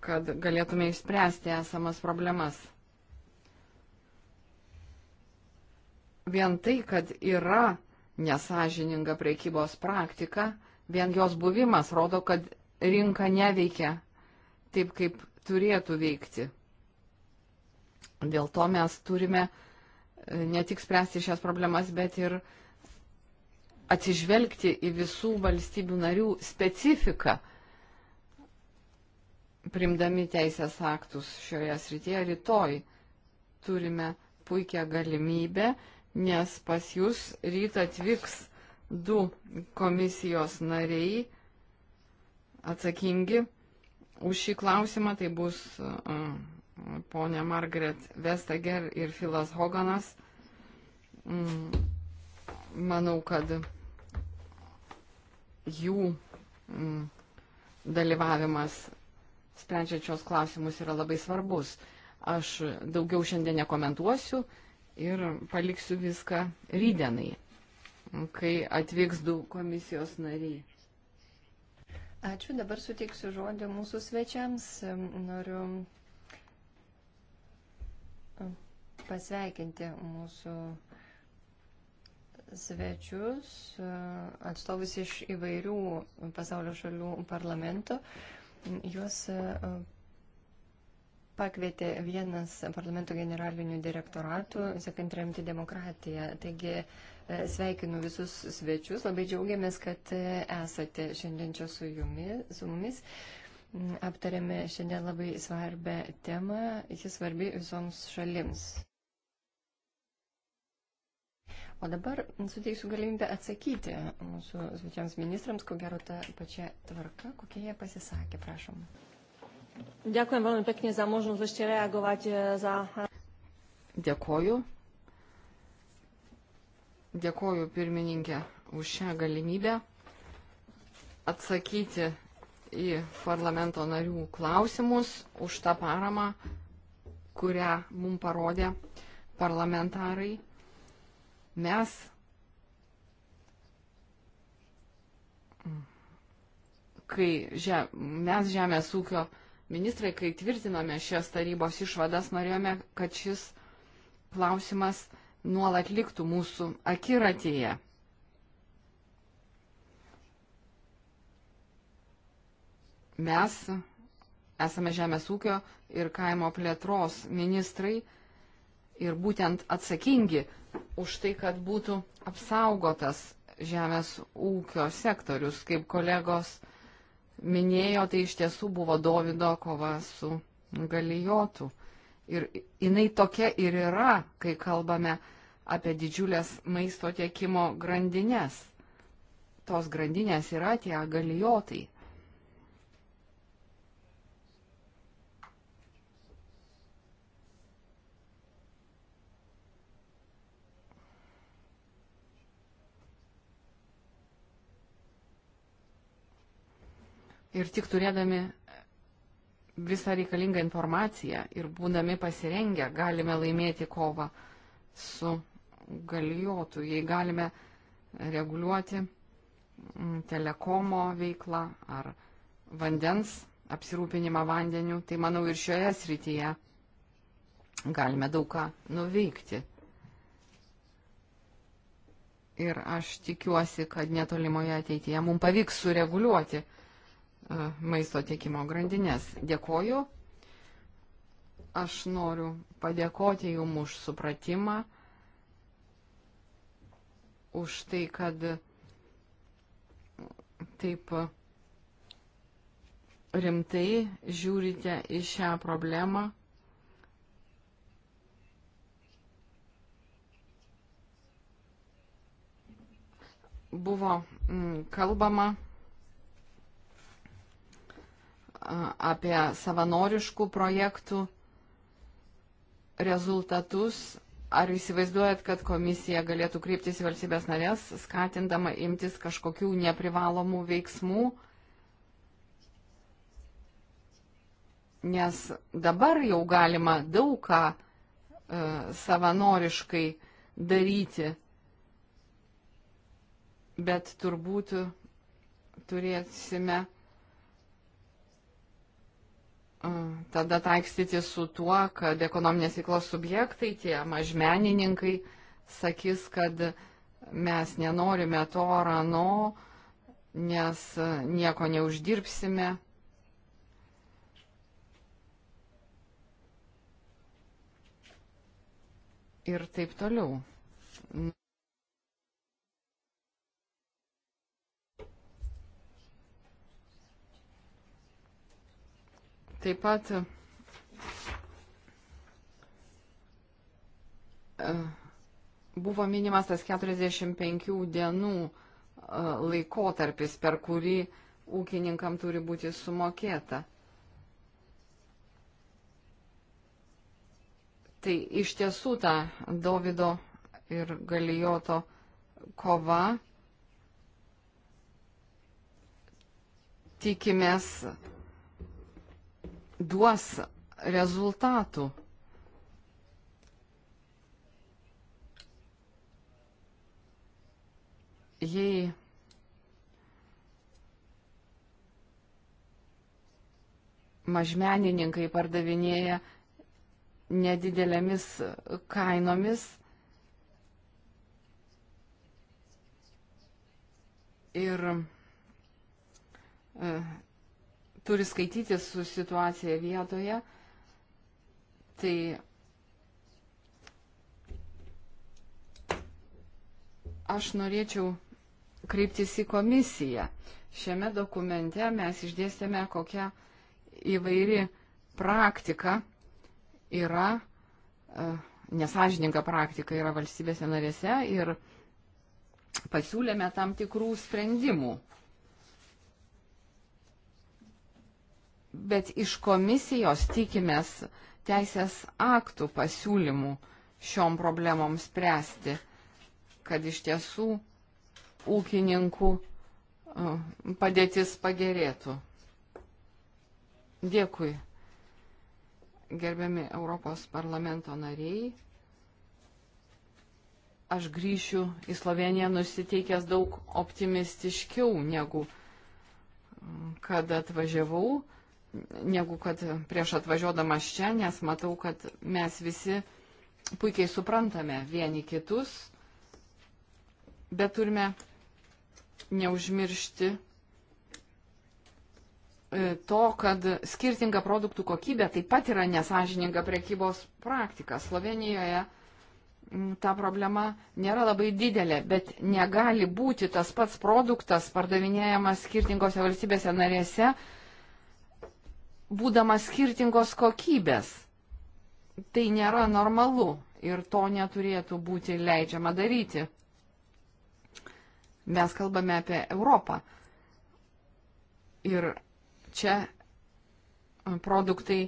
[SPEAKER 4] kad galėtume išspręsti esamas problemas. Vien tai, kad yra nesažininga priekybos praktika, vien jos buvimas rodo, kad rinka neveikia taip, kaip turėtų veikti. Dėl to mes turime e, ne tik spręsti šias problemas, bet ir atsižvelgti į visų valstybių narių specifiką, primdami teisės aktus šioje srityje rytoj. Turime puikią galimybę nes pas jūs ryt atvyks du komisijos nariai atsakingi už šį klausimą. Tai bus uh, ponia Margaret Vestager ir Filas Hoganas. Mm, manau, kad jų mm, dalyvavimas sprendžiančios klausimus yra labai svarbus. Aš daugiau šiandien nekomentuosiu. Uh, ir paliksiu viską rydienai, kai atvyks du komisijos nariai.
[SPEAKER 2] Ačiū, dabar suteiksiu žodį mūsų svečiams. Noriu pasveikinti mūsų svečius, atstovus iš įvairių pasaulio šalių parlamentų. Juos pakvietė vienas parlamento generalinių direktoratų, sakant, remti demokratiją. Taigi e, sveikinu visus svečius, labai džiaugiamės, kad e, esate šiandien čia su, jumis, su mumis. Mm, aptarėme šiandien labai svarbę temą, jis svarbi visoms šalims. O dabar suteiksiu galimybę atsakyti mūsų svečiams ministrams, ko gero tą pačią tvarką, kokie jie pasisakė, prašom. Dėkuojam veľmi pekne za možnosť ešte reagovať e, za... Dėkoju.
[SPEAKER 4] Dėkoju pirmininkė už šią galimybę atsakyti į parlamento narių klausimus, už tą paramą, kurią mums parodė parlamentarai. Mes kai že, mes Žemės ūkio ministrai, kai tvirtinome šias tarybos išvadas, norėjome, kad šis klausimas nuolat liktų mūsų akiratyje. Mes esame žemės ūkio ir kaimo plėtros ministrai ir būtent atsakingi už tai, kad būtų apsaugotas žemės ūkio sektorius, kaip kolegos minėjo, tai iš tiesų buvo Davido kova su galijotu. Ir jinai tokia ir yra, kai kalbame apie didžiulės maisto tiekimo grandinės. Tos grandinės yra tie galijotai. Ir tik turėdami visą reikalingą informaciją ir būdami pasirengę galime laimėti kovą su galijotu, jei galime reguliuoti mm, telekomo veiklą ar vandens apsirūpinimą vandeniu, tai manau ir šioje srityje galime daug ką nuveikti. Ir aš tikiuosi, kad netolimoje ateityje mums pavyks sureguliuoti maisto tiekimo grandinės. Dėkoju. Aš noriu padėkoti Jums už supratimą, už tai, kad taip rimtai žiūrite į šią problemą. Buvo mm, kalbama apie savanoriškų projektų rezultatus. Ar įsivaizduojat, kad komisija galėtų kryptis į valstybės narės, skatindama imtis kažkokių neprivalomų veiksmų? Nes dabar jau galima daug ką e, savanoriškai daryti, bet turbūt turėsime tada taikstyti su tuo, kad ekonominės veiklos subjektai, tie mažmenininkai, sakys, kad mes nenorime to ar ano, nes nieko neuždirbsime. Ir taip toliau. Taip pat e, buvo minimas tas 45 dienų e, laikotarpis, per kurį ūkininkam turi būti sumokėta. Tai iš tiesų ta Davido ir Galijoto kova tikimės duos rezultatų. Jei mažmenininkai pardavinėja nedidelėmis kainomis ir e, turi skaityti su situacija vietoje. Tai aš norėčiau kreiptis į komisiją. Šiame dokumente mes išdėstėme, kokia įvairi praktika yra, e, nesažininga praktika yra valstybėse narėse ir pasiūlėme tam tikrų sprendimų bet iš komisijos tikimės teisės aktų pasiūlymų šiom problemom spręsti, kad iš tiesų ūkininkų e, padėtis pagerėtų. Dėkui, gerbiami Europos parlamento nariai. Aš grįšiu į Sloveniją nusiteikęs daug optimistiškiau negu kad atvažiavau negu kad prieš atvažiuodamas čia, nes matau, kad mes visi puikiai suprantame vieni kitus, bet turime neužmiršti e, to, kad skirtinga produktų kokybė taip pat yra nesažininga prekybos praktika. Slovenijoje ta problema nėra labai didelė, bet negali būti tas pats produktas pardavinėjamas skirtingose valstybėse narėse, būdamas skirtingos kokybės. Tai nėra normalu ir to neturėtų būti leidžiama daryti. Mes kalbame apie Europą. Ir čia produktai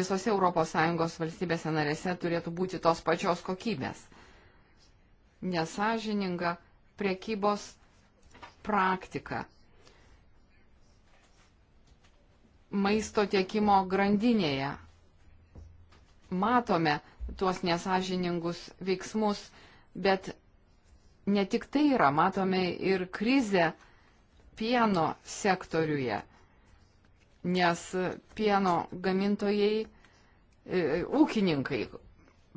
[SPEAKER 4] visose ES valstybėse narėse turėtų būti tos pačios kokybės. Nesažininga priekybos praktika maisto tiekimo grandinėje. Matome tuos nesažiningus veiksmus, bet ne tik tai yra, matome ir krizę pieno sektoriuje, nes pieno gamintojai, e, ūkininkai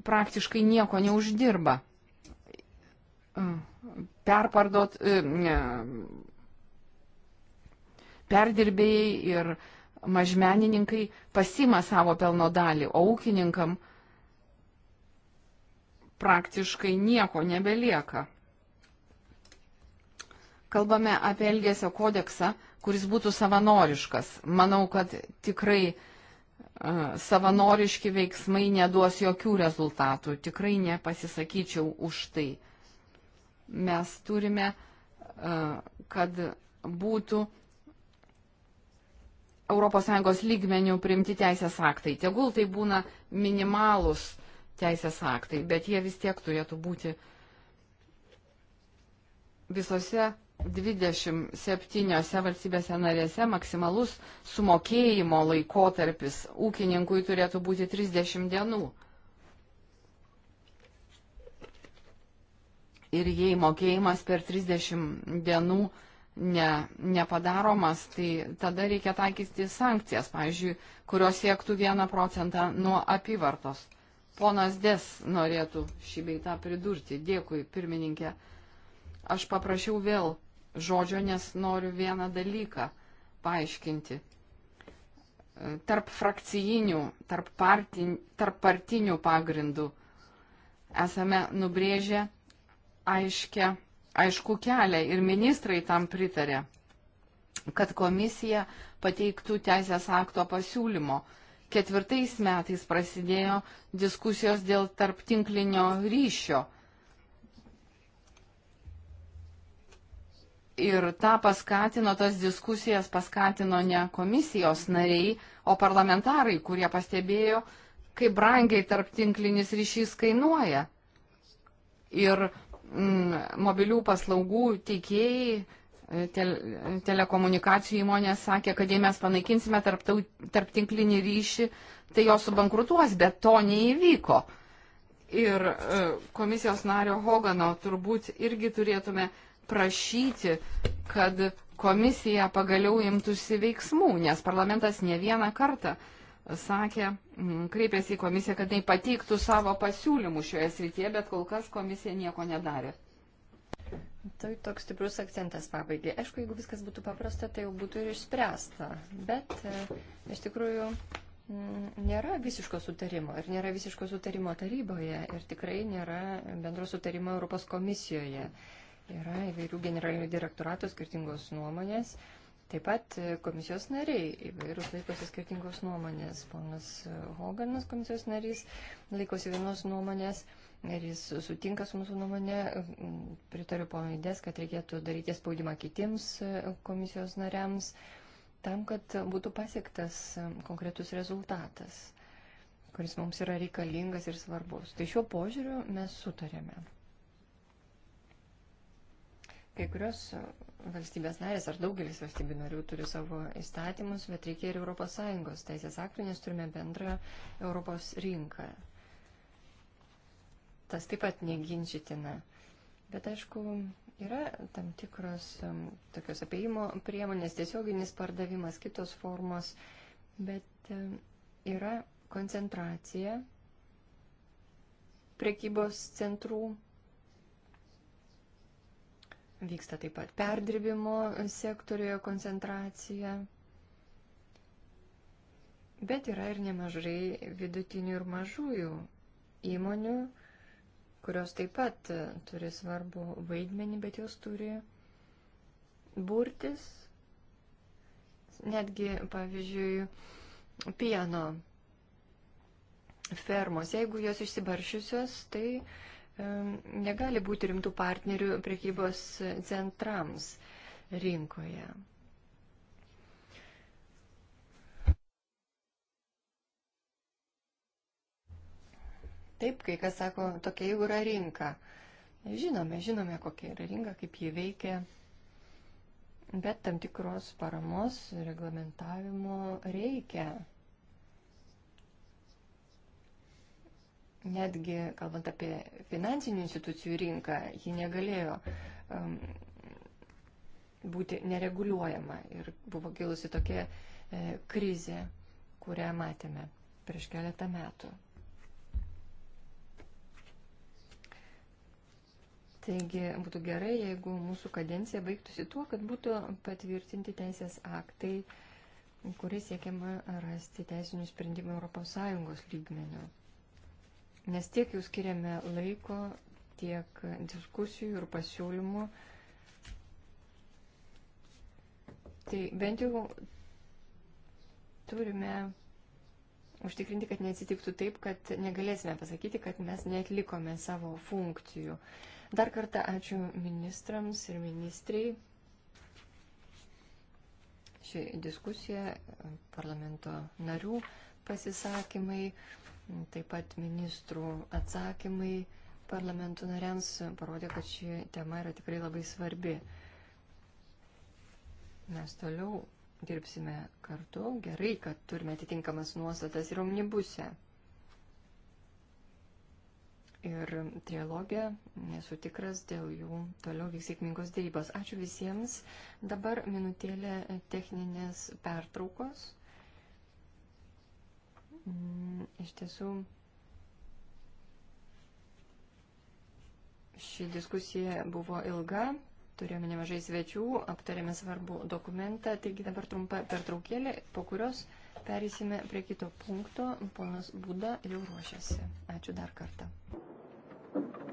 [SPEAKER 4] praktiškai nieko neuždirba. E, perpardot, e, perdirbėjai ir mažmenininkai pasima savo pelno dalį, o ūkininkam praktiškai nieko nebelieka. Kalbame apie Elgėsio kodeksą, kuris būtų savanoriškas. Manau, kad tikrai uh, savanoriški veiksmai neduos jokių rezultatų. Tikrai nepasisakyčiau už tai. Mes turime, uh, kad būtų ES lygmenių priimti teisės aktai. Tegul tai būna minimalūs teisės aktai, bet jie vis tiek turėtų būti visose 27 valstybėse narėse maksimalus sumokėjimo laikotarpis ūkininkui turėtų būti 30 dienų. Ir jei mokėjimas per 30 dienų ne, nepadaromas, tai tada reikia taikyti sankcijas, pavyzdžiui, kurios siektų 1 procentą nuo apyvartos. Ponas Des norėtų šį beitą pridurti. Dėkui, pirmininkė. Aš paprašiau vėl žodžio, nes noriu vieną dalyką paaiškinti. Tarp frakcijinių, tarp, partin, tarp partinių pagrindų esame nubrėžę aiškę aišku kelią ir ministrai tam pritarė, kad komisija pateiktų teisės akto pasiūlymo. Ketvirtais metais prasidėjo diskusijos dėl tarptinklinio ryšio. Ir tą paskatino, tas diskusijas paskatino ne komisijos nariai, o parlamentarai, kurie pastebėjo, kaip brangiai tarptinklinis ryšys kainuoja. Ir Mm, mobilių paslaugų teikėjai, e, tel, telekomunikacijų įmonės sakė, kad jei mes panaikinsime tarptinklinį tarp ryšį, tai jos subankrutuos, bet to neįvyko. Ir e, komisijos nario Hogano turbūt irgi turėtume prašyti, kad komisija pagaliau imtųsi veiksmų, nes parlamentas ne vieną kartą uh, sakė, mm, kreipėsi į komisiją, kad tai pateiktų savo pasiūlymų šioje srityje, bet kol kas komisija nieko nedarė.
[SPEAKER 2] Tai toks stiprus akcentas pabaigai. Aišku, jeigu viskas būtų paprasta, tai jau būtų ir išspręsta. Bet e, iš tikrųjų mm, nėra visiško sutarimo ir nėra visiško sutarimo taryboje ir tikrai nėra bendro sutarimo Europos komisijoje. Yra įvairių generalinių direktoratų skirtingos nuomonės. Uh, Taip pat komisijos nariai įvairūs laikosi skirtingos nuomonės. Ponas Hoganas, komisijos narys, laikosi vienos nuomonės ir jis sutinka su mūsų nuomonė. Pritariu ponui Dės, kad reikėtų daryti spaudimą kitiems komisijos nariams tam, kad būtų pasiektas konkretus rezultatas, kuris mums yra reikalingas ir svarbus. Tai šiuo požiūriu mes sutarėme. Kai kurios valstybės narės ar daugelis valstybių narių turi savo įstatymus, bet reikia ir ES teisės aktų, nes turime bendrą Europos rinką. Tas taip pat neginčitina. Bet aišku, yra tam tikros um, tokios apieimo priemonės, tiesioginis pardavimas, kitos formos, bet um, yra koncentracija prekybos centrų Vyksta taip pat perdirbimo sektorijoje koncentracija. Bet yra ir nemažai vidutinių ir mažųjų įmonių, kurios taip pat e, turi svarbu vaidmenį, bet jos turi burtis. Netgi, pavyzdžiui, pieno fermos, jeigu jos išsibaršiusios, tai uh, negali būti rimtų partnerių prekybos centrams rinkoje. Taip, kai kas sako, tokia jau yra rinka. Žinome, žinome, kokia yra rinka, kaip ji veikia, bet tam tikros paramos reglamentavimo reikia. netgi kalbant apie finansinių institucijų rinką, ji negalėjo um, būti nereguliuojama ir buvo kilusi tokia e, krizė, kurią matėme prieš keletą metų. Taigi būtų gerai, jeigu mūsų kadencija baigtųsi tuo, kad būtų patvirtinti teisės aktai, kuriais siekiama rasti teisinių sprendimų ES lygmenių nes tiek jau skiriame laiko, tiek diskusijų ir pasiūlymų. Tai bent jau turime užtikrinti, kad neatsitiktų taip, kad negalėsime pasakyti, kad mes netlikome savo funkcijų. Dar kartą ačiū ministrams ir ministrei. Ši diskusija, parlamento narių pasisakymai taip pat ministrų atsakymai parlamentų nariams parodė, kad ši tema yra tikrai labai svarbi. Mes toliau dirbsime kartu. Gerai, kad turime atitinkamas nuostatas ir omnibuse. Ir trilogija, nesu tikras, dėl jų toliau vyks sėkmingos dėrybos. Ačiū visiems. Dabar minutėlė techninės pertraukos. Mm, iš tiesų, ši diskusija buvo ilga, turėjome nemažai svečių, aptarėme svarbų dokumentą, taigi dabar trumpa pertraukėlė, po kurios perėsime prie kito punkto, ponas Būda jau ruošiasi. Ačiū dar kartą. Thank you.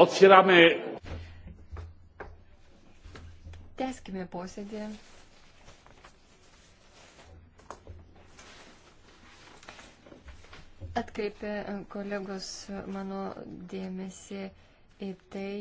[SPEAKER 2] Otvierame. Teskime posėdį. Atkreipė kolegos mano dėmesį į tai,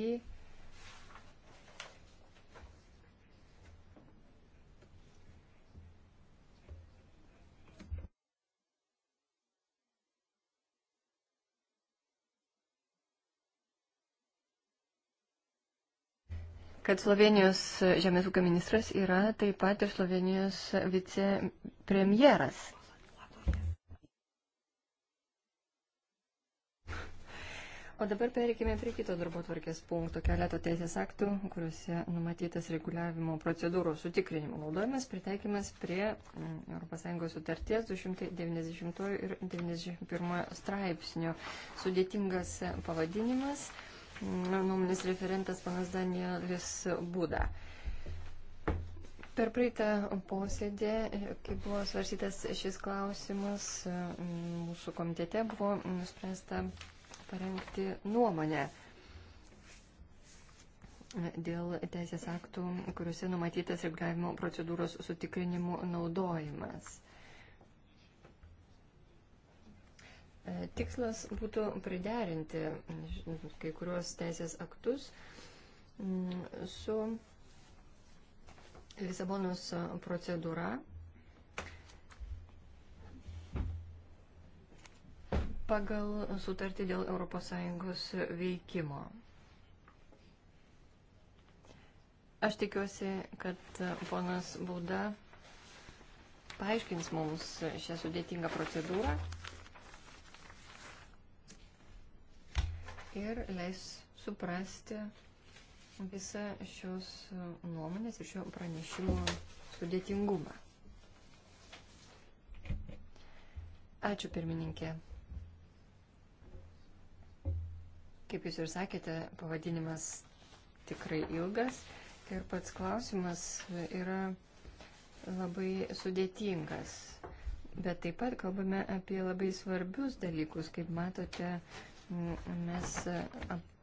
[SPEAKER 2] kad Slovenijos žemės ūkio ministras yra taip pat ir Slovenijos vicepremjeras. O dabar pereikime prie kito darbo tvarkės punkto keleto teisės aktų, kuriuose numatytas reguliavimo procedūrų sutikrinimo naudojimas pritaikymas prie mm, ES sutarties 290 ir 91 straipsnio. Sudėtingas pavadinimas nuomonės referentas panas Danielis Būda. Per praeitą posėdį, kai buvo svarstytas šis klausimas, mūsų komitete buvo nuspręsta parengti nuomonę dėl teisės aktų, kuriuose numatytas reguliavimo procedūros sutikrinimų naudojimas. E, tikslas būtų priderinti kai kuriuos teisės aktus mm, su Lisabonos procedūra. pagal sutartį dėl ES veikimo. Aš tikiuosi, kad ponas Bauda paaiškins mums šią sudėtingą procedūrą. ir leis suprasti visą šios nuomonės ir šio pranešimo sudėtingumą. Ačiū pirmininkė. Kaip jūs ir sakėte, pavadinimas tikrai ilgas ir pats klausimas yra labai sudėtingas. Bet taip pat kalbame apie labai svarbius dalykus, kaip matote, Mes e,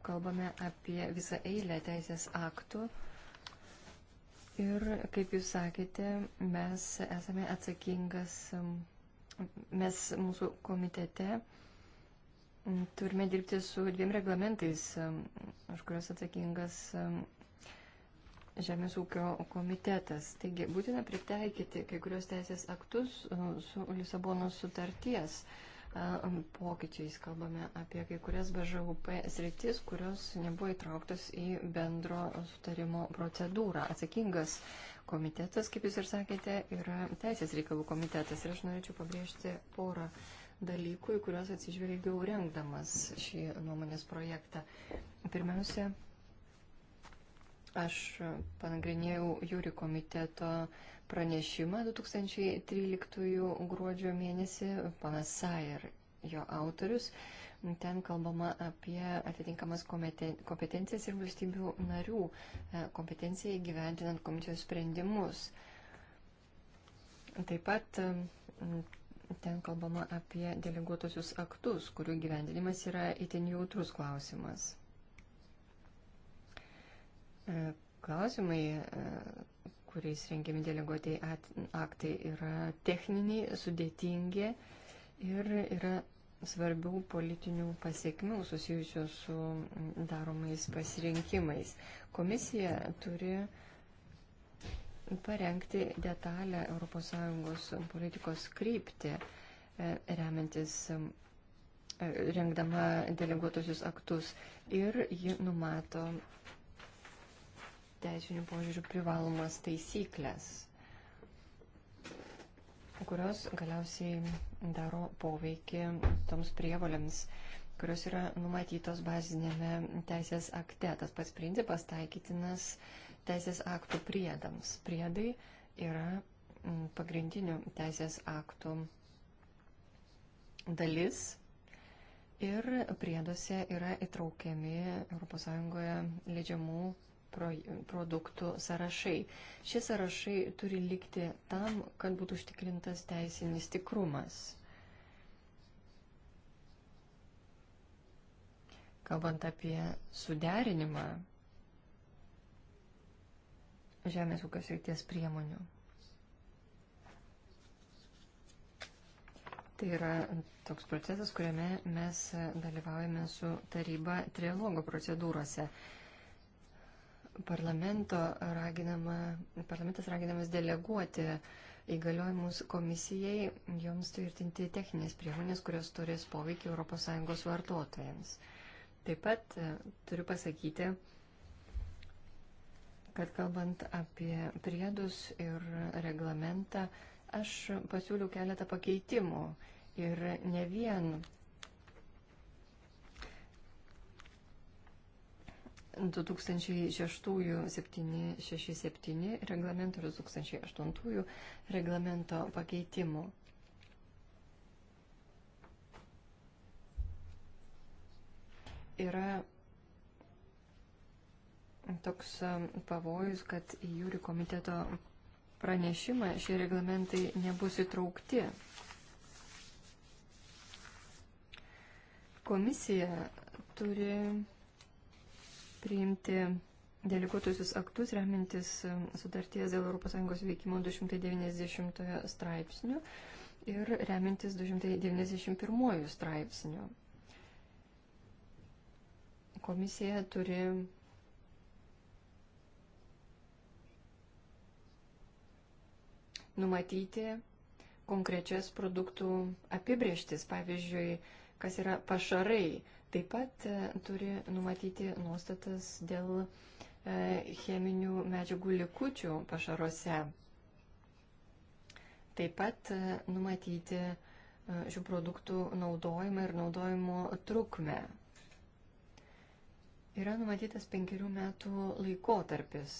[SPEAKER 2] kalbame apie visą eilę teisės aktų. Ir, kaip jūs sakėte, mes esame atsakingas, mes mūsų komitete turime dirbti su dviem reglamentais, už kurios atsakingas Žemės ūkio komitetas. Taigi būtina pritaikyti kai kurios teisės aktus e, su Lisabonos sutarties uh, pokyčiais. Kalbame apie kai kurias BŽUP sritis, kurios nebuvo įtrauktos į bendro sutarimo procedūrą. Atsakingas komitetas, kaip jūs ir sakėte, yra Teisės reikalų komitetas. Ir aš norėčiau pabrėžti porą dalykų, į kuriuos atsižvelgiau rengdamas šį nuomonės projektą. Pirmiausia, aš panagrinėjau jūri komiteto uh, pranešimą 2013 gruodžio mėnesį, panas Sayer, jo autorius. Ten kalbama apie atitinkamas kompetencijas ir valstybių narių e, kompetenciją įgyvendinant komisijos sprendimus. Taip pat ten kalbama apie deleguotusius aktus, kurių gyvendinimas yra itin jautrus klausimas. E, klausimai, e, kuriais rengiami deleguotieji aktai, yra techniniai, sudėtingi ir yra svarbių politinių pasiekmių susijusių su daromais pasirinkimais. Komisija turi parengti detalę ES politikos kryptį, e, remiantis e, rengdama deleguotusius aktus ir ji numato teisinių požiūrių privalomas taisyklės, kurios galiausiai daro poveikį toms prievolėms, kurios yra numatytos bazinėme teisės akte. Tas pats principas taikytinas teisės aktų priedams. Priedai yra mm, pagrindinių teisės aktų dalis ir prieduose yra įtraukiami ES leidžiamų produktų sąrašai. Šie sąrašai turi likti tam, kad būtų užtikrintas teisinis tikrumas. Kalbant apie suderinimą žemės ūkio srities priemonių. Tai yra toks procesas, kuriame mes dalyvaujame su taryba trialogo procedūrose. Parlamento raginama, parlamentas raginamas deleguoti įgaliojimus komisijai, joms tvirtinti techninės priemonės, kurios turės poveikį ES vartotojams. Taip pat e, turiu pasakyti, kad kalbant apie priedus ir reglamentą, aš pasiūliau keletą pakeitimų ir ne vien 2006-767 reglamento ir 2008 reglamento pakeitimų. Yra toks um, pavojus, kad į jūrių komiteto pranešimą šie reglamentai nebus įtraukti. Komisija turi priimti deleguotusius aktus remintis um, sutarties dėl ES veikimo 290 straipsnių ir remintis 291 straipsnių. Komisija turi numatyti konkrečias produktų apibrieštis, pavyzdžiui, kas yra pašarai, Taip pat e, turi numatyti nuostatas dėl e, cheminių medžiagų likučių pašaruose. Taip pat e, numatyti šių produktų naudojimą ir naudojimo trukmę. Yra numatytas penkerių metų laikotarpis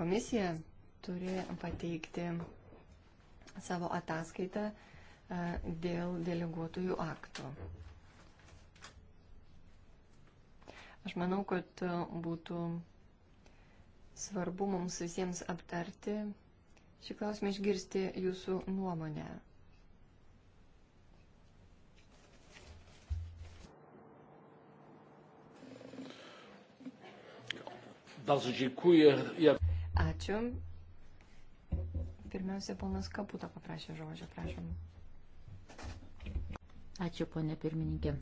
[SPEAKER 2] Komisija turi pateikti savo ataskaitą e, dėl deleguotųjų aktų. Aš manau, kad būtų svarbu mums visiems aptarti šį klausimą, išgirsti jūsų nuomonę.
[SPEAKER 1] Bardzo dziękuję. Ja...
[SPEAKER 2] Ačiū. Pirmiausia, ponas Kaputo paprašė žodžio, prašom.
[SPEAKER 3] Ačiū, ponė pirmininkė.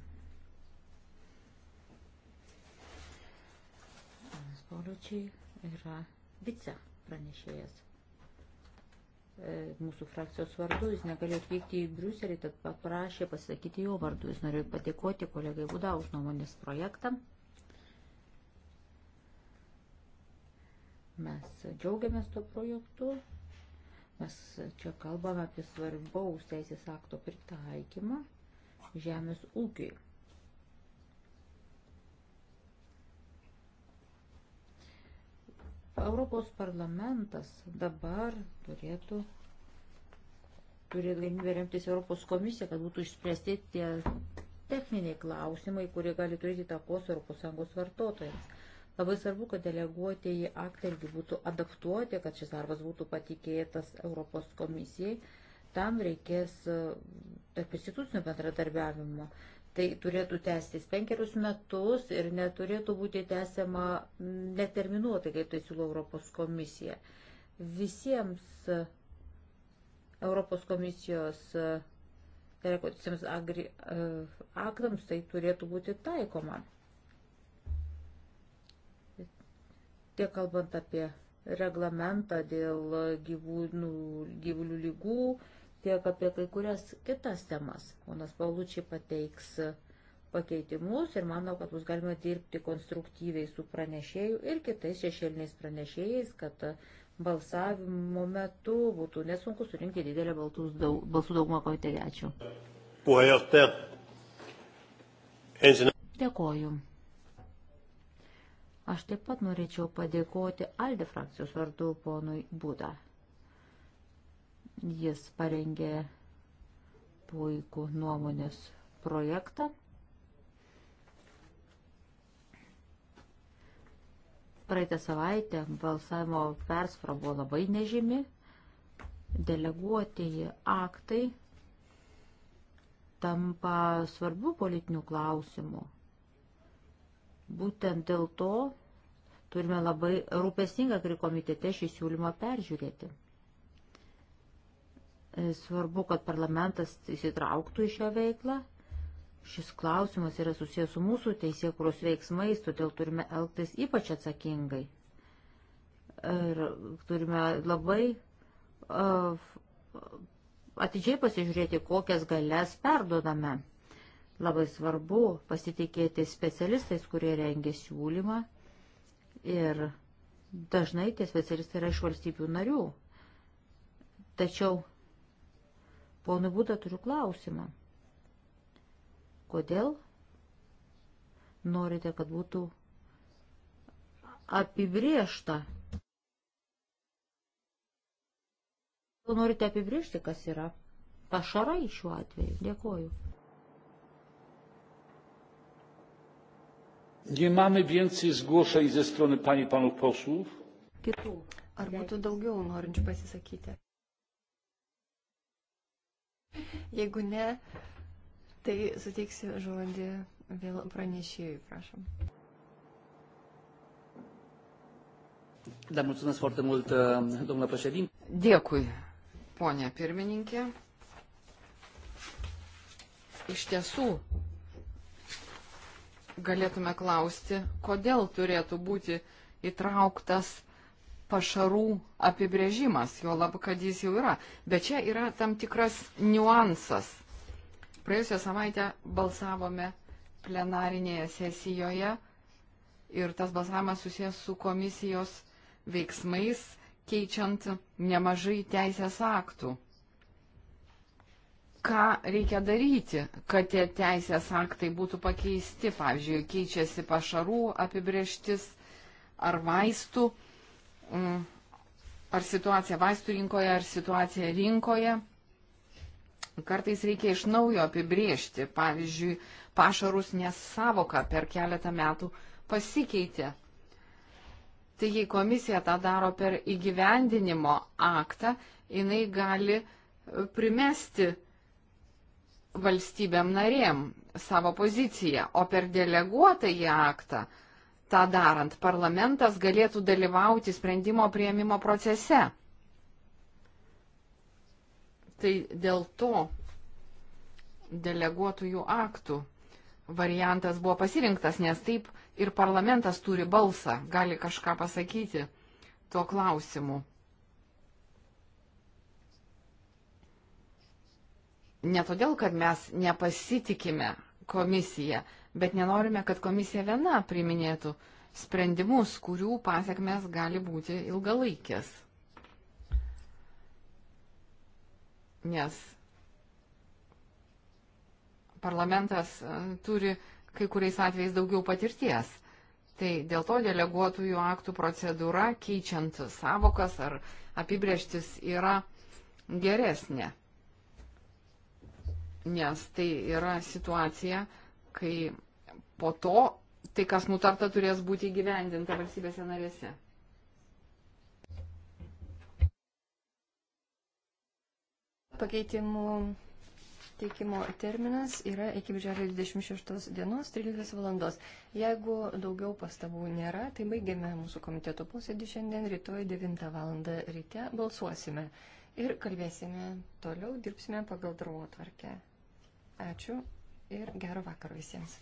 [SPEAKER 3] Ponas Pauliučiai yra vice pranešėjas e, mūsų frakcijos vardu, jis negalėjo atvykti į Briuselį, tad paprašė pasakyti jo vardu. Jis norėjo padėkoti kolegai Buda už nuomonės projektą. Mes džiaugiamės tuo projektu, mes čia kalbame apie svarbaus teisės akto pritaikymą žemės ūkiui. Europos parlamentas dabar turėtų turėti galimybę remtis Europos komisiją, kad būtų išspręsti tie techniniai klausimai, kurie gali turėti takos ES vartotojams. Labai svarbu, kad deleguotieji aktai irgi būtų adaptuoti, kad šis darbas būtų patikėtas Europos komisijai. Tam reikės e, tarp institucinio bendradarbiavimo. Tai turėtų tęstis penkerius metus ir neturėtų būti tęsiama neterminuotai, kaip tai siūlo Europos komisija. Visiems e, Europos komisijos rekotisiems agri, e, aktams tai turėtų būti taikoma. tiek kalbant apie reglamentą dėl gyvūnų, gyvulių lygų, tiek apie kai kurias kitas temas. Ponas Paulučiai pateiks pakeitimus ir manau, kad bus galima dirbti konstruktyviai su pranešėju ir kitais šešėliniais pranešėjais, kad balsavimo metu būtų nesunku surinkti didelę daug, balsų daugumą komitete. Ačiū. Dėkoju. Aš taip pat norėčiau padėkoti Aldi frakcijos vardu ponui Būda. Jis parengė puikų nuomonės projektą. Praeitą savaitę balsavimo persvara buvo labai nežymi. Deleguotieji aktai tampa svarbių politinių klausimų Būtent dėl to turime labai rūpesingą kri komitete šį siūlymą peržiūrėti. E, svarbu, kad parlamentas įsitrauktų į šią veiklą. Šis klausimas yra susijęs su mūsų teisėkuros veiksmais, todėl turime elgtis ypač atsakingai. Ir turime labai uh, atidžiai pasižiūrėti, kokias galias perdodame. Uh, Labai svarbu pasitikėti specialistais, kurie rengia siūlymą ir dažnai tie specialistai yra iš valstybių narių. Tačiau, ponui būda, turiu klausimą. Kodėl norite, kad būtų apibriešta? Norite apibriežti, kas yra pašarai šiuo atveju.
[SPEAKER 2] Dėkoju.
[SPEAKER 1] Nie mamy więcej zgłoszeń ze strony pani i panów posłów.
[SPEAKER 2] Kitų. Ar būtų daugiau norinčių pasisakyti? Jeigu ne, tai suteiksiu žodį vėl pranešėjui, prašom.
[SPEAKER 5] Da, mulțumesc foarte mult, domnule
[SPEAKER 4] președinte. Dėkui, ponia pirmininkė. Iš tiesų, galėtume klausti, kodėl turėtų būti įtrauktas pašarų apibrėžimas, jo lab, kad jis jau yra. Bet čia yra tam tikras niuansas. Praėjusią savaitę balsavome plenarinėje sesijoje ir tas balsavimas susijęs su komisijos veiksmais, keičiant nemažai teisės aktų ką reikia daryti, kad tie teisės aktai būtų pakeisti. Pavyzdžiui, keičiasi pašarų apibrieštis ar vaistų, mm, ar situacija vaistų rinkoje, ar situacija rinkoje. Kartais reikia iš naujo apibriežti. Pavyzdžiui, pašarus nes savoka per keletą metų pasikeitė. Tai jei komisija tą daro per įgyvendinimo aktą, jinai gali primesti valstybėm narėm savo poziciją, o per deleguotąjį aktą, tą darant, parlamentas galėtų dalyvauti sprendimo prieimimo procese. Tai dėl to deleguotųjų aktų variantas buvo pasirinktas, nes taip ir parlamentas turi balsą, gali kažką pasakyti tuo klausimu. ne todėl, kad mes nepasitikime komisiją, bet nenorime, kad komisija viena priminėtų sprendimus, kurių pasiekmes gali būti ilgalaikės. Nes parlamentas e, turi kai kuriais atvejais daugiau patirties. Tai dėl to deleguotųjų aktų procedūra, keičiant savokas ar apibrieštis, yra geresnė nes tai yra situacija, kai po to tai, kas nutarta, turės būti įgyvendinta valstybėse narėse.
[SPEAKER 2] Pakeitimų teikimo terminas yra iki birželio 26 dienos 13 valandos. Jeigu daugiau pastabų nėra, tai baigiame mūsų komiteto posėdį šiandien, rytoj 9 valandą ryte balsuosime ir kalbėsime toliau, dirbsime pagal darbo tvarkę. Ačiū ir gero vakaro visiems.